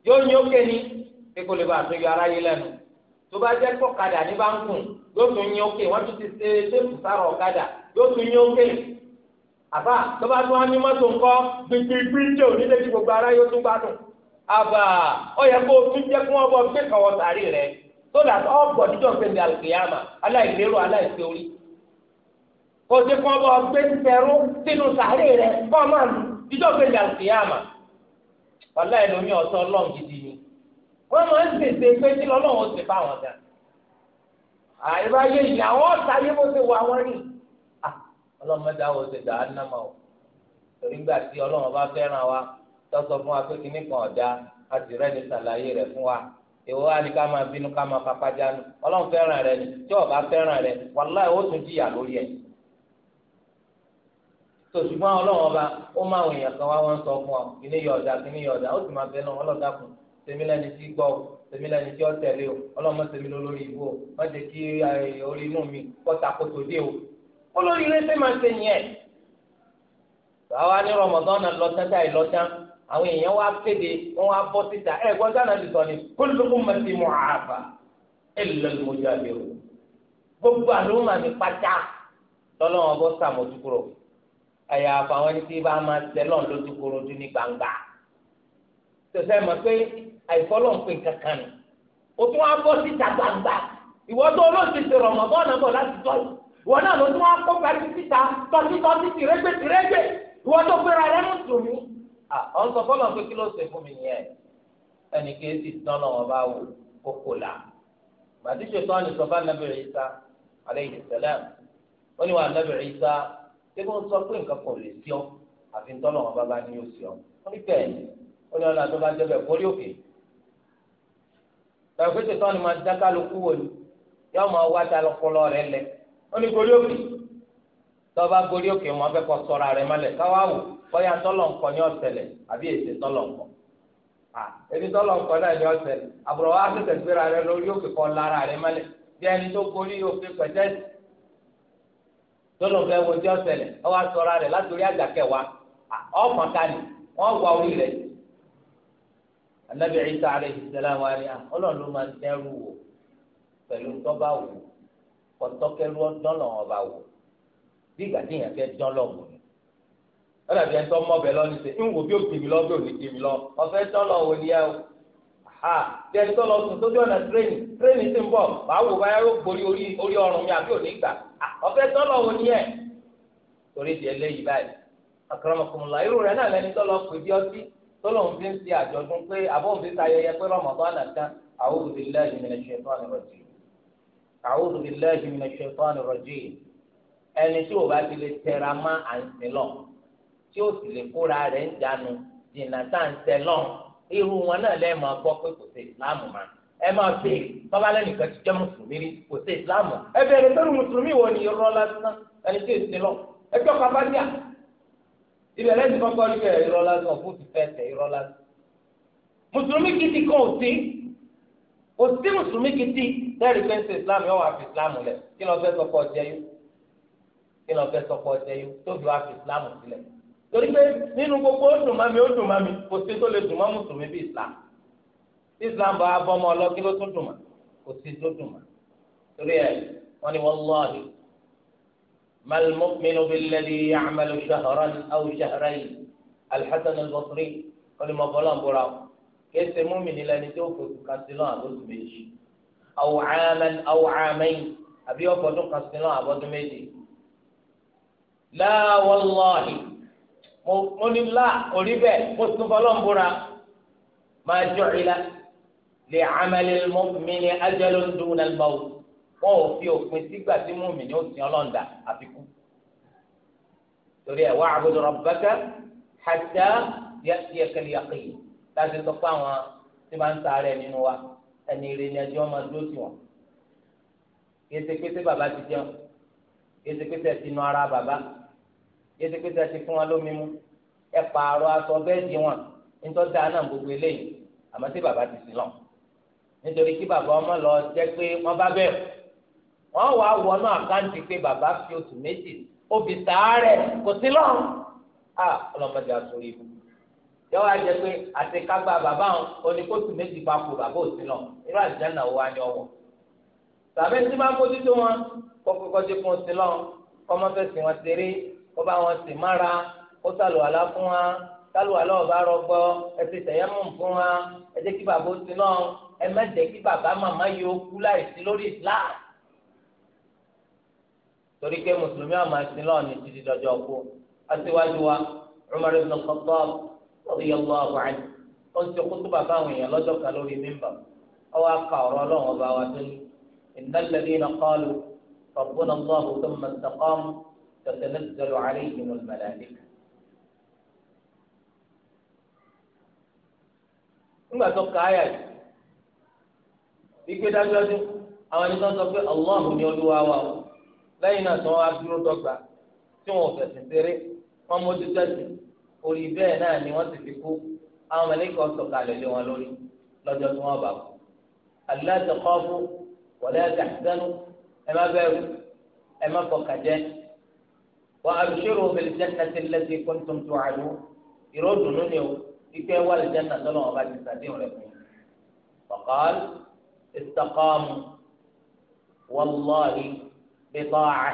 yóò ni pé kò lè bá àtúnyọ aráyé lẹ́nu tó bá jẹ́ pọ̀ kadà ní yóò tún yin ókè wọ́n ti ṣe sára ọ̀kadà yóò tún yin ókè àbá tó gbogbo aráyé àbá yẹ kó o tún jẹ́ kí wọ́n òde kan bọ̀ gbé tẹ̀rú sínú sàárè rẹ̀ kọ́ máa lù ìjọ gbèjì àlùkìyàmà wàlá ẹ̀ lómi ọ̀tọ̀ ọlọ́run gidi ni wọ́n máa ń tètè pé kí lọ́lọ́run ó ti bá wọn dà àìráyé yìí àwọn yé bó ṣe wà wọ́n rí ọlọ́mọdé àwọn ọ̀sẹ̀ dà á ma o torí gbà tí ọlọ́run bá fẹ́ràn wa tọ́sọ fún wa pé kíní kan ọ̀dà a sì rẹ́ni sàlàyé rẹ̀ fún wa èwo wa ni ká máa bínú ká máa papá jánu ọlọ́run fẹ́ràn rẹ ni tí ọba fẹ́ràn rẹ wàlá ó tún jìyà lórí ẹ̀ tó ṣùgbọ́n ọlọ́wọ́ ọba ó máa wọ èèyàn kan wá wọ́n sọ fún ọ kíní yọ ọ̀dà kíní yọ ọ̀dà ó sì máa bẹ́ẹ̀ náà ọlọ́dà kù tèmi lẹ́ni tí gbọ́ ọ tèmi lẹ́ni tí ó tẹ̀lé o ọlọ́mọ tèmi lórí ibú o má jẹ́ kí eh, orí inú mi kọ́ta kótó dé o olórí ilé fẹ́ máa ṣe yẹn. àwa ní rọmọdán náà lọ́tẹ́tà ìlọ́tán àwọn èèyàn wá kéde wọ́n wá bọ́ síta ẹ̀ gbọ́n sáà náà ti sọ ni kólókùn mẹ́tì mọ́ àbá ẹ̀ lọ́lùmọ́jà lérò gbogbo àlùmọ́ mi pátá lọ́lọ́wọ́n bọ́ sàmójúkúrò àyàfà àwọn ẹni tí bá máa tẹ lọ́n lójú korojú ní gbangba tẹ̀sẹ̀ mọ̀ pé àìfọ́lọ́ ń kankan nù o tún wá bọ́ síta gbangba ìwọ tó olóòtú ti rọ̀mọ̀ bọ́ọ̀ náà bọ̀ láti tọ́ ìwọ náà ló tún wá kó pàtí síta tọ́sí tọ́sí tìrẹ́gbẹ̀ tìrẹ́gbẹ̀ ìwọ tó gbéra rẹ mú tù mí. àwọn sọ fọlọ pé kí ló ṣe fún mi yẹn ẹnì kí èsì tán náà wọn bá wò kókò là màdíṣe tán ni sọfà nàbẹ̀rẹ̀ ìsà àlẹ́ ìdìsẹ́lẹ̀ ó ṣé kó ń sọ pé nǹkan kan lè sí ọ àfi ńtọ́ lọ́wọ́ bá bá ní yóò sí ọ wọ́n ní bẹ́ẹ̀ ni ó ní ọ̀nà tó bá jẹ́ bẹ́ẹ̀ kórí òkè tàbí pé tètè wọn ni máa dá kálukú wò ni yóò máa wá ta lọ́kọ́lọ́ rẹ lẹ ó ní kórí òkè tó bá kórí òkè wọn fẹ́ kọ́ sọ́ra rẹ mọ́lẹ̀ káwá wò bóyá tọ́lọ̀ ńkọ ní ọ̀sẹ̀lẹ̀ àbí èsè tọ́lọ̀ ńkọ ebi tọ́lọ̀ ńkọ náà ní ọ̀sẹ̀lẹ̀ àbúrò wa á tètè gbéra rẹ lórí òkè kọ́ lára rẹ mọ́lẹ̀ bí ẹni tó kórí òkè pẹ̀tẹ́sì tọ́lọ̀ fẹ́ wo tí ó ṣẹlẹ̀ ọ wá sọ̀rọ̀ rẹ̀ látòrí àgbàkẹ́ wa ọmọ kani wọ́n wá orí rẹ̀ anabi Isa alayhi salam wa ni ọlọ́run ló máa ń dẹ́rù wò pẹ̀lú tọ́ba wò kọ́tọ́kẹ́rú dọ́lọ̀ ọba wò bí ìgbà tí èèyàn fẹ́ wò ni ọlọ́run yẹn tó mọ̀ bẹ́ẹ̀ lọ́ni ṣe ń wò bí ó kìmí lọ bí ó ní lọ ọ̀fẹ́ dọ́lọ̀ wò ni ẹ o ha jẹ́ni tó lọ sùn tó dé ọ̀nà tírénì tírénì ti ń bọ̀ báwo báyà yóò gborí orí ọrùn mi àbí òní gbà ọ tọ́lọ̀ wò ni ẹ torí di eléyìí báyìí àkàràmọ̀kùnmọ̀lá irú rẹ̀ náà lẹni tọ́lọ̀ pè bí ọtí tọ́lọ̀ ń fi ń àjọ̀dún pé àbọ̀n fi pé ẹni tí o bá ti lè tẹra má à ń sin lọ tí o sì lè kóra rẹ̀ ń jánu dìnnà tá à ń wọn náà gbọ́ ẹ máa béèrè bàbá lẹ́nìkan ti jẹ́ mùsùlùmí rí kò sí ìsìláàmù ẹ bẹ̀rẹ̀ lórí mùsùlùmí wo ni irọ́ lásán ẹni tí èsì lọ ẹ jọ bàbá díà ibẹ̀ lẹ́sìn kọ́kọ́ rí bẹ̀rẹ̀ irọ́ lásán fún ti fẹ́ tẹ̀ irọ́ lásán. mùsùlùmí gidi kan ò sí kò sí mùsùlùmí gidi lẹ́rìí pé ń ṣe ìsìláàmù yóò wá fi ìsìláàmù lẹ̀ kí lọ́ọ́ fẹ́ sọ́kọ́ ọ̀jẹ́ yó kí lọ́ọ́ fẹ́ sọ́kọ́ ọ̀jẹ́ yó tó fi wá fi ìsìláàmù sílẹ̀ torí pé nínú gbogbo ó dùn mami ó dùn mami kò sí tó lè dùn mọ́ mùsùlùmí bí ìsìláàmù tí islam bá bọ́mọ ọlọ́kí ló tún dùn mà kò sí tó dùn mà torí ẹ wọn ni wallahi mal mu'minu billadhi ya'malu shahran aw shahrayn alḥasan al-basri wọn ni mo bọ́lá ń bọ́ra o kìí ṣe mu'mini lẹni tó kò kà sí lọ́n àbọ̀dún méjì aw 'aman aw 'amayn àbí ọ̀pọ̀dún kà sí lọ́n àbọ̀dún méjì la wallahi mo ní la orí bẹ́ẹ̀ mo tún bọ́lá ń máa jọ ìlà lè amẹ́lẹ́ mi ní ajẹ́ló ń dún náà lọ́wọ́ wọn ò fi òpin sígbà tí mú mi ní ó sìn ọlọ́ǹda àfikún torí ẹ̀ wá àbúrò rabbaka hatta ya'tiyaka al-yaqin láti sọ pé àwọn tí máa ń sáré nínú wa ẹni rè ni ẹjọ́ máa dúró sí wọn yéésì bàbá ti jẹun yéésì ti nu ara bàbá yéésì ti fún wa lómi mú ẹ pààrọ̀ aṣọ bẹ́ẹ̀ di wọn nítorí dáná gbogbo eléyìí nítorí kí bàbá ọmọ lọ jẹ́ pé wọ́n bá bẹ̀rù wọ́n wà wọnú àkáǹtì pé bàbá fi oṣù méjì obì sàárẹ̀ kò sí lọ́rùn à ọlọ́mọdé àtúrò ibù yọ̀wọ́ àjẹ́ pé àti kágbá bàbá àwọn oníkóṣù méjì papò bàbá òsì lọ irú àjẹ́nà wo wáyé ọwọ́ tàbí tí máa bójú tó wọn kọ́kọ́kọ́ ti fún òsì lọ kọ́mọ́fẹ́sì wọn ti rí kọ́ bá wọn sì mára kó sàlùwàlá fún wọn kálùwà lọ́wọ́ bá rọgbọ ẹsẹ̀ tẹ̀yẹ́mù fún wa ẹ jẹ́ kí bàbá ó ti náà ẹ má jẹ́ kí bàbá màmá yóò kú láìsí lórí Islam torí pé mùsùlùmí àmà sí náà ní títí dọjọ́ kú aṣíwájú wa Umar ibn Khattab radiyallahu anhu ó ń ṣe kútúbà fáwọn èèyàn lọ́jọ́ kan lórí mímbà ọwọ́ aka ọ̀rọ̀ ọlọ́run ọba wa tó ní innal nígbà tó ka àyà yìí ìgbé dájúdájú àwọn ẹni tó ń sọ pé Allahu ni olúwa wa o lẹ́yìn náà tó wá dúró dọ́gba tí wọn ò fẹ̀sìn ṣeré wọn mójú tẹ̀sìn orí bẹ́ẹ̀ náà ni wọ́n ti fi kú àwọn mẹlẹ́kọ̀ọ́ sọ̀kalẹ̀ lé wọn lórí lọ́jọ́ tí wọ́n bá kú Allah takhafu wala tahzanu ẹ má bẹ̀rù ẹ má fọkàjẹ́ wa abshiru bil jannati allati kuntum tu'adun ìró dùnú ni o ike wà lè jẹ́ nàtọ́lọ́ wọn bá ti sàdéhùn rẹ̀ fún un. Bàkàl ìsàkọ́mù wàlláhi bíbá àá.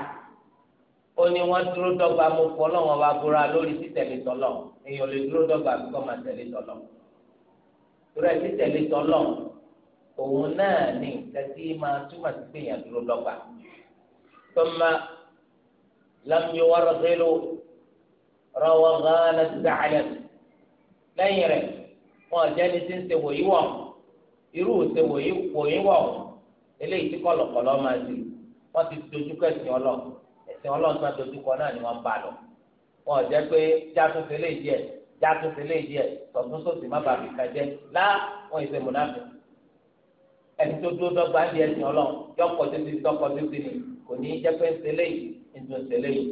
Ó ní wọ́n dúró dọ́gba mo pọ̀ lọ́wọ́ bá búra lórí títẹ̀lé tọ́lọ̀. Èèyàn lè dúró dọ́gba bí kò máa tẹ̀lé tọ́lọ̀. Ìrẹ̀ títẹ̀lé tọ́lọ̀ òun náà ní nǹkan máa túmọ̀ sí pé èèyàn dúró dọ́gba. Tọ́mà lámúyẹ̀wá rọ̀gẹ́lò rọ̀wọ̀gánà dàlẹ́ lẹ́yìn rẹ̀ wọn àjẹ́ ni ti ń ṣe wòyí wọ̀ irú ṣe wòyí wòyí wọ̀ eléyìí tí kọ̀lọ̀kọ̀lọ̀ máa ṣe wọ́n ti dojúkọ ẹ̀sìn ọlọ́ ẹ̀sìn ọlọ́ tí wọ́n dojúkọ náà ni wọ́n ń bá lọ wọn àjẹ́ pé játúnṣe lè díẹ̀ játúnṣe lè díẹ̀ tọ̀tún sósì má bàbí kan jẹ́ lá wọn ìṣe múnáfẹ́ ẹni tó dúró dọ́gba ń di ẹ̀sìn ọlọ́ yọkọ̀ títí tọkọ̀ títí ni kò ní jẹ́ pé ń ṣe léyìí ń tún ṣe léyìí.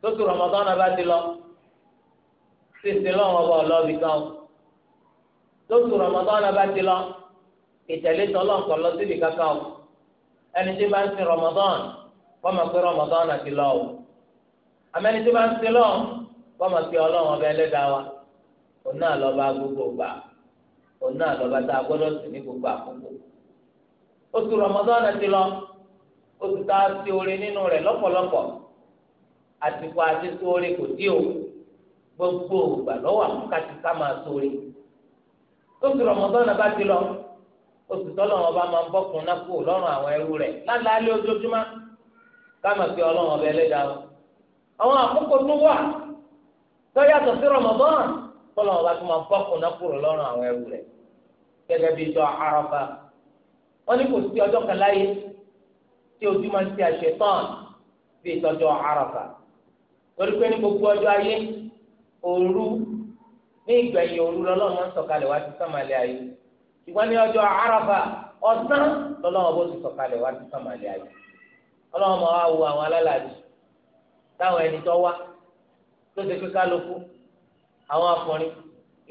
tó tù Ramadan bá ti lọ sísè lọ́wọ́ ọba ọlọ́ọ̀bì kan lóṣù rọmọdán náà bá ti lọ ìtẹ̀lé tọ́lọ́ǹkọ́ lọ síbi kankan o ẹni tí bá ń sin rọmọdán kọ́mọ pé rọmọdán náà ti lọ o àmẹ́ni tí bá ń sin lọ́wọ́ kọ́mọ pé ọlọ́wọ́ ọba ẹlẹ́dàá wa òun náà lọ́ba gbogbo gbà òun náà lọ́ba tá a gbọ́dọ̀ sìn ní gbogbo àkókò oṣù rọmọdán náà ti lọ oṣù tá a ti oore nínú rẹ̀ lọ́pọ̀lọpọ̀ àtìkù àti sóore kò dí o. gbogbo ògbà lọ́wọ́ àkókàtì ká máa sóore oṣù rọmọdọ́nà bá ti lọ oṣù tọ́lọ́ wọn máa ń bọ́kùn náà kú lọ́rùn àwọn ẹrú rẹ̀ lálẹ́ ojoojúmọ́ fi ọlọ́run ẹlẹ́dàá o àwọn àkókò tó wà tọ́yàtọ̀ sí rọmọdọ́nà tọ́lọ́ wọn bá ti máa bọ́kùn náà kú lọ́rùn àwọn ẹrú rẹ̀ gẹ́gẹ́ bí ìjọ Àrafà wọ́n ní kò sí ọjọ́ kan láyé tí ojú máa ń ti òru ní ìgbà yìí òru lọ́lọ́run máa ń sọ̀kalẹ̀ wá sí sàmàlẹ́ ní ọjọ́ àràfà ọ̀sán lọ́lọ́run bó ti sọ̀kalẹ̀ wá sí sàmàlẹ́ ayé àwọn alálàájì táwọn ẹni tó wá tó kálukú àwọn afọrin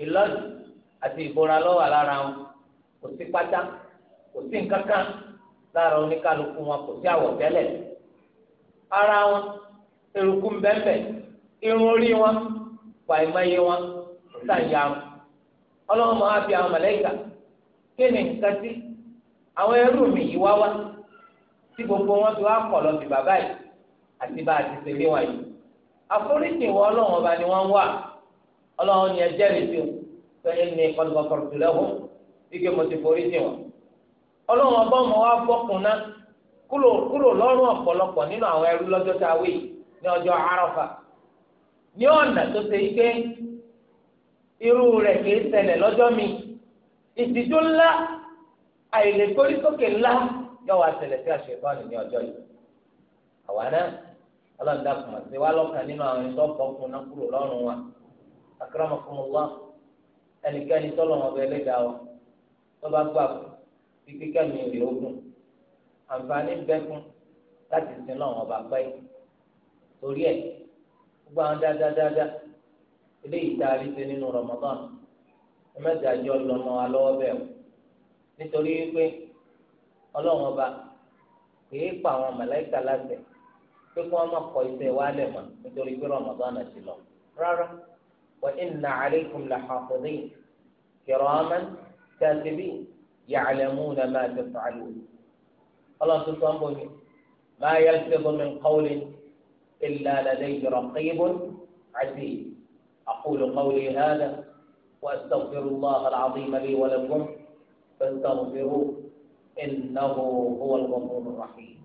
ìlọ́dì àti ìbora lọ́wọ́ wọn kò sí pátá kò wà ẹ̀ máa yé wọn sá ìyá wọn ọlọ́run máa fi àwọn mọ̀lẹ́kà kí ni nǹkan sí àwọn ẹrú mi yìí wá wá tí gbogbo wọn fi wá kọ̀ lọ sí bàbá yìí àti bá a ti ṣe lé wọn yìí àforíjì wọn ọlọ́run ọba ni wọ́n wà ọlọ́run ni ẹ jẹ́rìí sí o sẹ́yìn ní kọ́ńtàkọ́rọ̀ tó lẹ́wọ́ ike mo ti forí wọn ọlọ́run ọba ọmọ wa bọ́kùn náà kúrò lọ́rùn ọ̀pọ̀lọpọ̀ nínú àwọn ẹrú lọ́jọ́ tá a wí ní ọjọ́ Àrafà ní ọ̀nà tó ṣe ike irú rẹ̀ kìí ṣẹlẹ̀ lọ́jọ́ mi ìtìjú ńlá àìlèkórí sókè ńlá yóò wá ṣẹlẹ̀ sí àṣetọ́ni ní ọjọ́ yìí àwa náà ọlọ́ọ̀dà kùmọ̀ sí wa lọ́kàn nínú àwọn ẹni tó bọ́kùn náà kúrò lọ́rùn wa akramakumullah ẹnikẹ́ni tọ́lọ̀ wọn bẹ ẹlẹ́dàá wa tó bá gbà fún kíkí kẹ́mi rè ogun àǹfààní bẹ́ fún láti sin lọ́wọ́n ọba pẹ́ torí ẹ̀ gbogbo àwọn dáadáa eléyìí tá a rí ṣe nínú Ramadan ẹ mẹ́ta àjọ lọmọ wa lọ́wọ́ bẹ́ẹ̀ o nítorí pé Ọlọ́run ọba kìí pa àwọn màláíkà láṣẹ pé kí wọn má kọ iṣẹ́ wa lẹ mọ nítorí pé Ramadan ti lọ rárá wa inna alaykum lahafidhin kiraman katibin ya'lamuna ma taf'alun Ọlọ́run tó sọ ń bọ mi ma yalfizu min qawlin. إلا لديه رقيب عزيز أقول قولي هذا وأستغفر الله العظيم لي ولكم فاستغفروه إنه هو الغفور الرحيم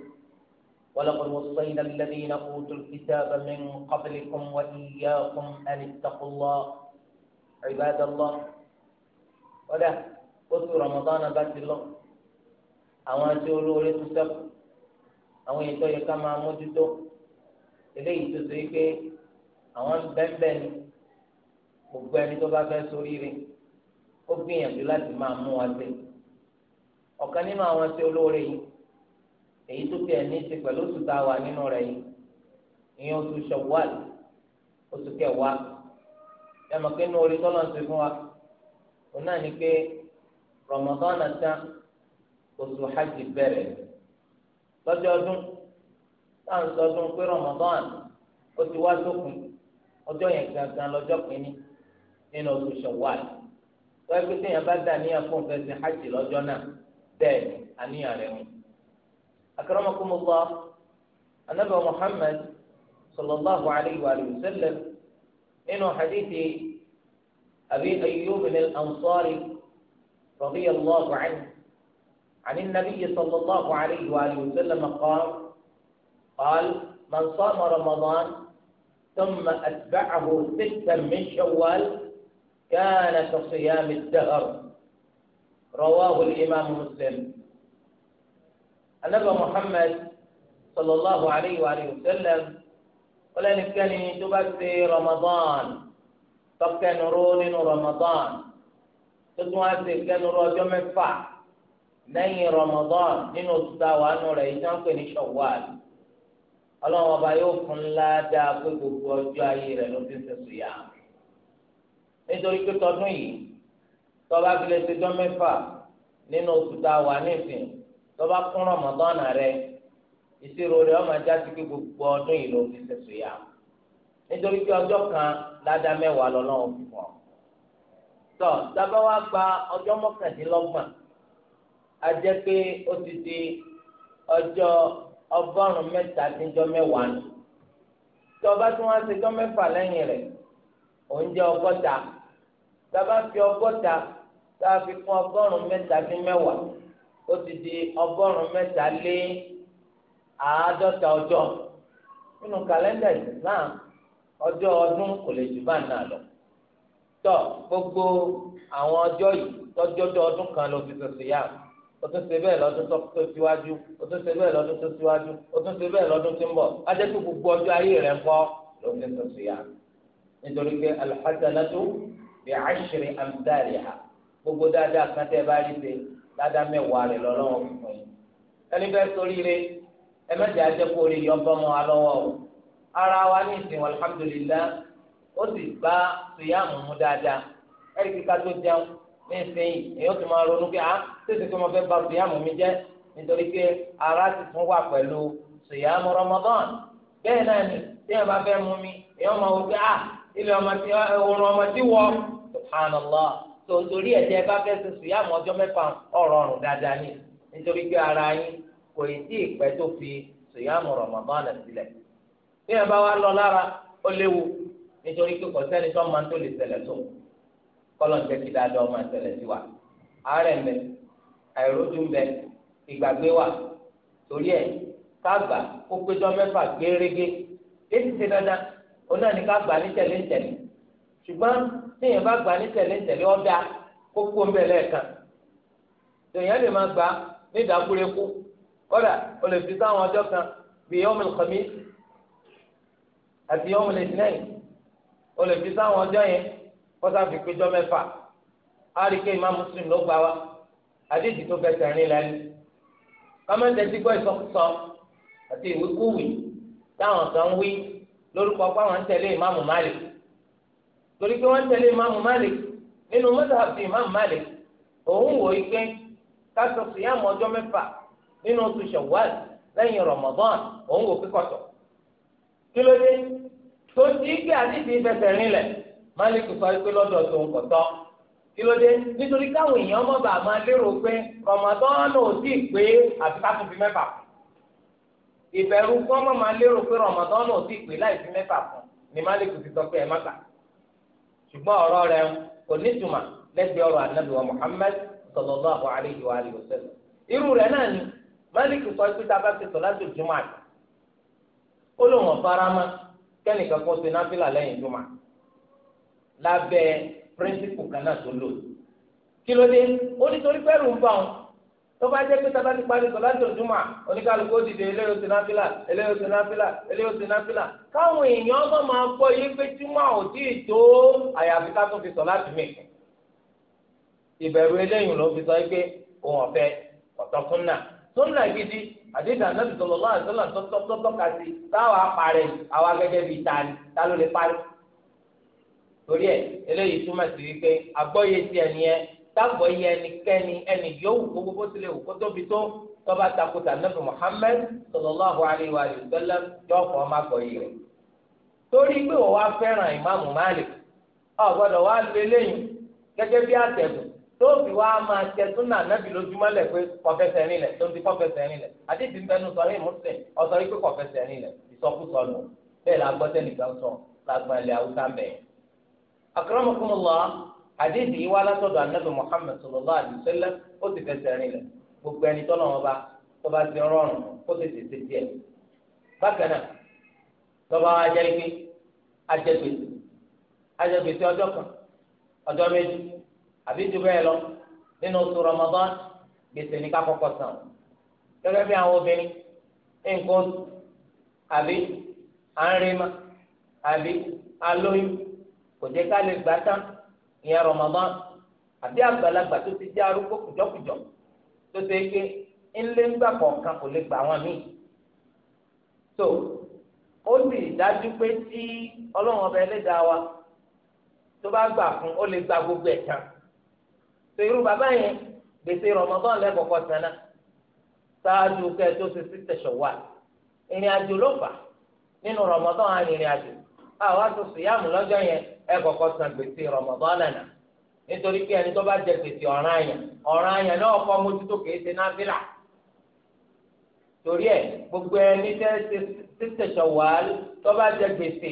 ولقد وصينا الذين أوتوا الكتاب من قبلكم وإياكم أن اتقوا الله عباد الله ولا قلت رمضان بات الله àwọn àti olóore tó sẹ́kù àwọn ètò yẹ ká máa mójútó eléyìí tó so yìí pé àwọn bẹ́ẹ̀bẹ́ẹ̀ ni gbogbo ẹni tó bá fẹ́ sórí rẹ̀ ó gbìyànjú láti máa mú wa sí ọ̀kan nínú àwọn àti olóore yìí èyí tó tẹ̀ ní ti pẹ̀lú oṣù tá a wà nínú rẹ̀ yìí ìyẹn oṣù ṣọ̀wọ́ọ̀lì oṣù kẹwàá ẹ mọ̀ pé inú orí tọ́lọ̀ ń ṣe fún wa òun náà ni pé rọmọdọ́nà tán oṣù hajj bẹ̀rẹ̀ lọ́jọ́ ọdún táwọn sọdún pé rọmọdọ́nà ó ti wá sókun ọjọ́ yẹn gangan lọ́jọ́ nínú oṣù wọ́n hajj lọ́jọ́ náà bẹ́ẹ̀ أكرمكم الله النبي محمد صلى الله عليه وآله وسلم إنه حديث أبي أيوب الأنصاري رضي الله عنه عن النبي صلى الله عليه وآله وسلم قال قال من صام رمضان ثم أتبعه ستا من شوال كان كصيام الدهر رواه الإمام مسلم anabi muhammed sallallahu alayhi wa sallam ọlẹ́nikẹ́ni tó bá ṣe ramadan tọkẹnuró nínú ramadan tó tún wá ṣe kẹnuró ọjọ́ mẹ́fà lẹ́yìn ramadan nínú oṣù táwa nù rẹ̀ yìí tán pè ní shawwal ọlọ́run ọba yóò fún ńlá dáa pé gbogbo ọjọ́ ayé rẹ̀ ló fi ń sẹ̀sọ̀ yá nítorí pé tọdún yìí tọ́ba fi lè ṣe jọ́ mẹ́fà nínú oṣù táwa nísìnyí tọ́ba kún Ramadan rẹ ìṣirò rẹ ọmọ ajá sí pé gbogbo ọdún yìí ló fi ṣẹ̀ṣù yá nítorí pé ọjọ́ kan ládàá mẹ́wàá lọ́nà òfin wọn. tọ́ sábà wá gba ọjọ́ mọ́kàndínlọ́gbọ̀n a jẹ́ pé ó ti di ọjọ́ ọgọ́rùn-ún mẹ́ta díjọ́ mẹ́wàá nù. tọ́ba tí wọ́n á ṣe jọ́ mẹ́fà lẹ́yìn rẹ̀ òun jẹ́ ọgọ́ta sábà fi ọgọ́ta tá a fi kún ọgọ́rùn-ún mẹ́ta dín mẹ́wàá ó ti di ọgọ́rùn-ún mẹ́ta lé àádọ́ta ọjọ́ nínú kàlẹ́ndà Islam ọjọ́ ọdún kò lè jù bá náà lọ. tọ́ gbogbo àwọn ọjọ́ yìí tọ́jọ́jọ́ ọdún kan ló fi ṣoṣo yá o tún ṣe bẹ́ẹ̀ lọ́dún tó síwájú o tún ṣe bẹ́ẹ̀ lọ́dún tó síwájú o tún ṣe bẹ́ẹ̀ lọ́dún tó ń bọ̀ ajẹ́ tó gbogbo ọjọ́ ayé rẹ̀ kọ́ ló fi ṣoṣo yá. nítorí pé alhasanatu bi ashri amthaliha gbogbo dáadáa kan tẹ́ bá rí ṣe ládàá mẹ́wàá rẹ̀ lọ́lọ́wọ́ fún yín ẹni bẹ́ẹ̀ sórí rẹ ẹ mẹ́jẹ̀ ajẹ́ kó rí yọ̀bọ́mọ alọ́wọ́ o ara wa ní ìsìn alhamdulillah ó sì bá sèyáàmù mú dáadáa ẹ̀rí kíkà tó jẹun ní ìsìn yìí èyí tó máa ronú pé à tètè tó máa fẹ́ ba sèyáàmù mi jẹ́ nítorí pé ara ti fún wa pẹ̀lú sèyáàmù Ramadan bẹ́ẹ̀ náà ni tí ẹ bá fẹ́ mú mi èyí ọmọ wò pé à ilé ọmọ tí wọ subhanallah tó torí ẹ̀jẹ̀ bá fẹ́ sùn yá àmọ́ ọjọ́ mẹ́fà ọ̀rọ̀ ọ̀rùn dáadáa ni nítorí pé ara yín kò ì tí ì pẹ́ tó fi sòyàmù Ramadan sílẹ̀ bí ẹ bá wá lọ lára ó léwu nítorí pé kò sẹ́ni tó máa ń tó lè ṣẹlẹ̀ tó kọ́lọ̀ ń jẹ́ kí dáadáa máa ṣẹlẹ̀ sí wa àárẹ̀ ń bẹ àìrójú ń bẹ ìgbàgbé wa torí ẹ̀ kágbà ó péjọ mẹ́fà gérégé èyí ti ṣe dandan náà ní kágbà ní tẹ̀léńtẹ̀lé ṣùgbọ́n téèyàn bá gbà ní tẹ̀lé tẹ̀lé ọ̀dà kó kó ń bẹ̀ lẹ́ẹ̀kan èèyàn lè máa gbà ní ìdákúrekú kódà o lè fi sáwọn ọjọ́ kan bíi yọ́mù kọ́mí àti yọ́mù lẹ́tìnẹ́yìn o lè fi sáwọn ọjọ́ yẹn kọ́sà fi péjọ mẹ́fà àríkè ìmá mùsùlùmí ló gbà wá àdéjì tó fẹsẹ̀ rìn lẹ́nu kọ́mẹ́ntẹ́ ti gbọ́ ìsọkúsọ àti ìwíkúwì táwọn kan wí lórúkọ pé àwọn ń tẹ̀lé ìmáàmù Málíkì torí pé wọ́n tẹ̀lé ìmáàmù Malik nínú mọ́tàbí ìmáàmù Malik òun wò yí pé kásọ̀ síyàmù ọjọ́ mẹ́fà nínú oṣù Ṣawwal lẹ́yìn Ramadan òun wò kíkọ̀tọ̀ kí ló dé tó ti gbé àdìsí fẹsẹ̀ rinlẹ̀ Malik sọ pé lọ́dọ̀ tó ń kọ̀tọ́ kí ló dé nítorí káwọn èèyàn ọmọ bàá máa lérò pé Ramadan ò sì pé àti kásọ̀ fi mẹ́fà fún ìbẹ̀rù kọ́ mọ́ máa lérò pé Ramadan ò sì pé láì fi mẹ́fà fún ni Malik ti sọ pé ẹ má ṣùgbọ́n ọ̀rọ̀ rẹ̀ kò nítumọ̀ lẹ́gbẹ̀ẹ́ ọ̀rọ̀ anabi muhammed sallallahu alayhi wa alihi wa sallam irú rẹ̀ náà ni malik sọ pé tá a bá ti sọ láti jùmọ̀ àti ó ọ̀farama kẹ́nìkan kan ṣe náfìlà lẹ́yìn jùmọ̀ lábẹ́ píríncípù kan náà tó bá jẹ́ pé sábà ti parí sọ̀lá tó dùnmọ̀ oníkálukú òdìdè eléyò sinapila eléyò sinapila eléyò sinapila káwọn èèyàn ọmọ máa gbọ́ yé pé jùmọ̀ ò tí ì tó àyàfi ká tó fi sọ̀lá tì mí. ìbẹ̀rù eléyìí ló fi sọ pé òun ọ̀fẹ́ ọ̀tọ̀kúnnà sunna gidi àdéhùn anábì sọ̀rọ̀ lọ́wọ́ àtọ́là tọ́tọ́tọ́ ka sí táwa parẹ́ àwa gẹ́gẹ́ bíi tani Tá ló lè parí. torí ẹ eléyìí túmọ̀ sí wípé àgbọ́yé tiẹ̀ nìyẹn tábọ̀ yẹ ẹnikẹ́ni ẹni yòówù kó gbogbo tilẹ̀ wù kó tóbi tó tọ́ba takuta nabi muhammed sallallahu alayhi wa sallam yóò fọ́ ọmọ akọ yìí rẹ̀. torí pé wọ́n wá fẹ́ràn ìmáàmù malik ọ̀gbọ́dọ̀ wá lé gẹ́gẹ́ bí àdéhùn yìí wá látọ̀dọ̀ anábì muhammed sallallahu alaihi wasallam ó ti fẹsẹ̀ rìn lẹ̀ gbogbo ẹni tọ́lọ̀ wọn bá tó bá ti rọrùn ó ti tètè díẹ̀ bákan náà tọ́ba wa jẹ́ ike ajẹ́gbèsè ajẹ́gbèsè ọjọ́ kan ọjọ́ méjì àbí ju bẹ́ẹ̀ lọ nínú oṣù ramadan gbèsè ní kakọ́kọ́ san gẹ́gẹ́ bí àwọn obìnrin nǹkan àbí àárẹ̀mà àbí alóyún kò jẹ́ ká lè gbà ìyẹn Ramadan àbí àgbàlagbà tó ti jẹ́ arúgbó kùjọ́kùjọ́ tó ṣe é pé ńlẹ́ ńgbà kọ̀ọ̀kan kò lè gbà wọn míì tó ó sì dájú pé tí ọlọ́run ọba ẹlẹ́dàá wa tó bá gbà fún ó lè gba gbogbo ẹ̀ tán tó irú bàbá yẹn gbèsè Ramadan lẹ́kọ̀ọ́kọ́ sanná ṣáájú kẹ́ tó ṣe sí tẹ̀sọ̀wá ìrìn àjò ló fà nínú Ramadan arìnrìn àjò àwọn àtúnṣe yàmù lọ́jọ́ yẹn ẹ kọ́kọ́ san gbèsè Ramadan àná nítorí pé ẹni tó bá jẹ gbèsè ọ̀ràn àyàn ọ̀ràn àyàn náà kọ́ mójútó kìí ṣe náfìlà torí ẹ gbogbo ẹni tẹ́ títẹ̀ Ṣawwal tó bá jẹ gbèsè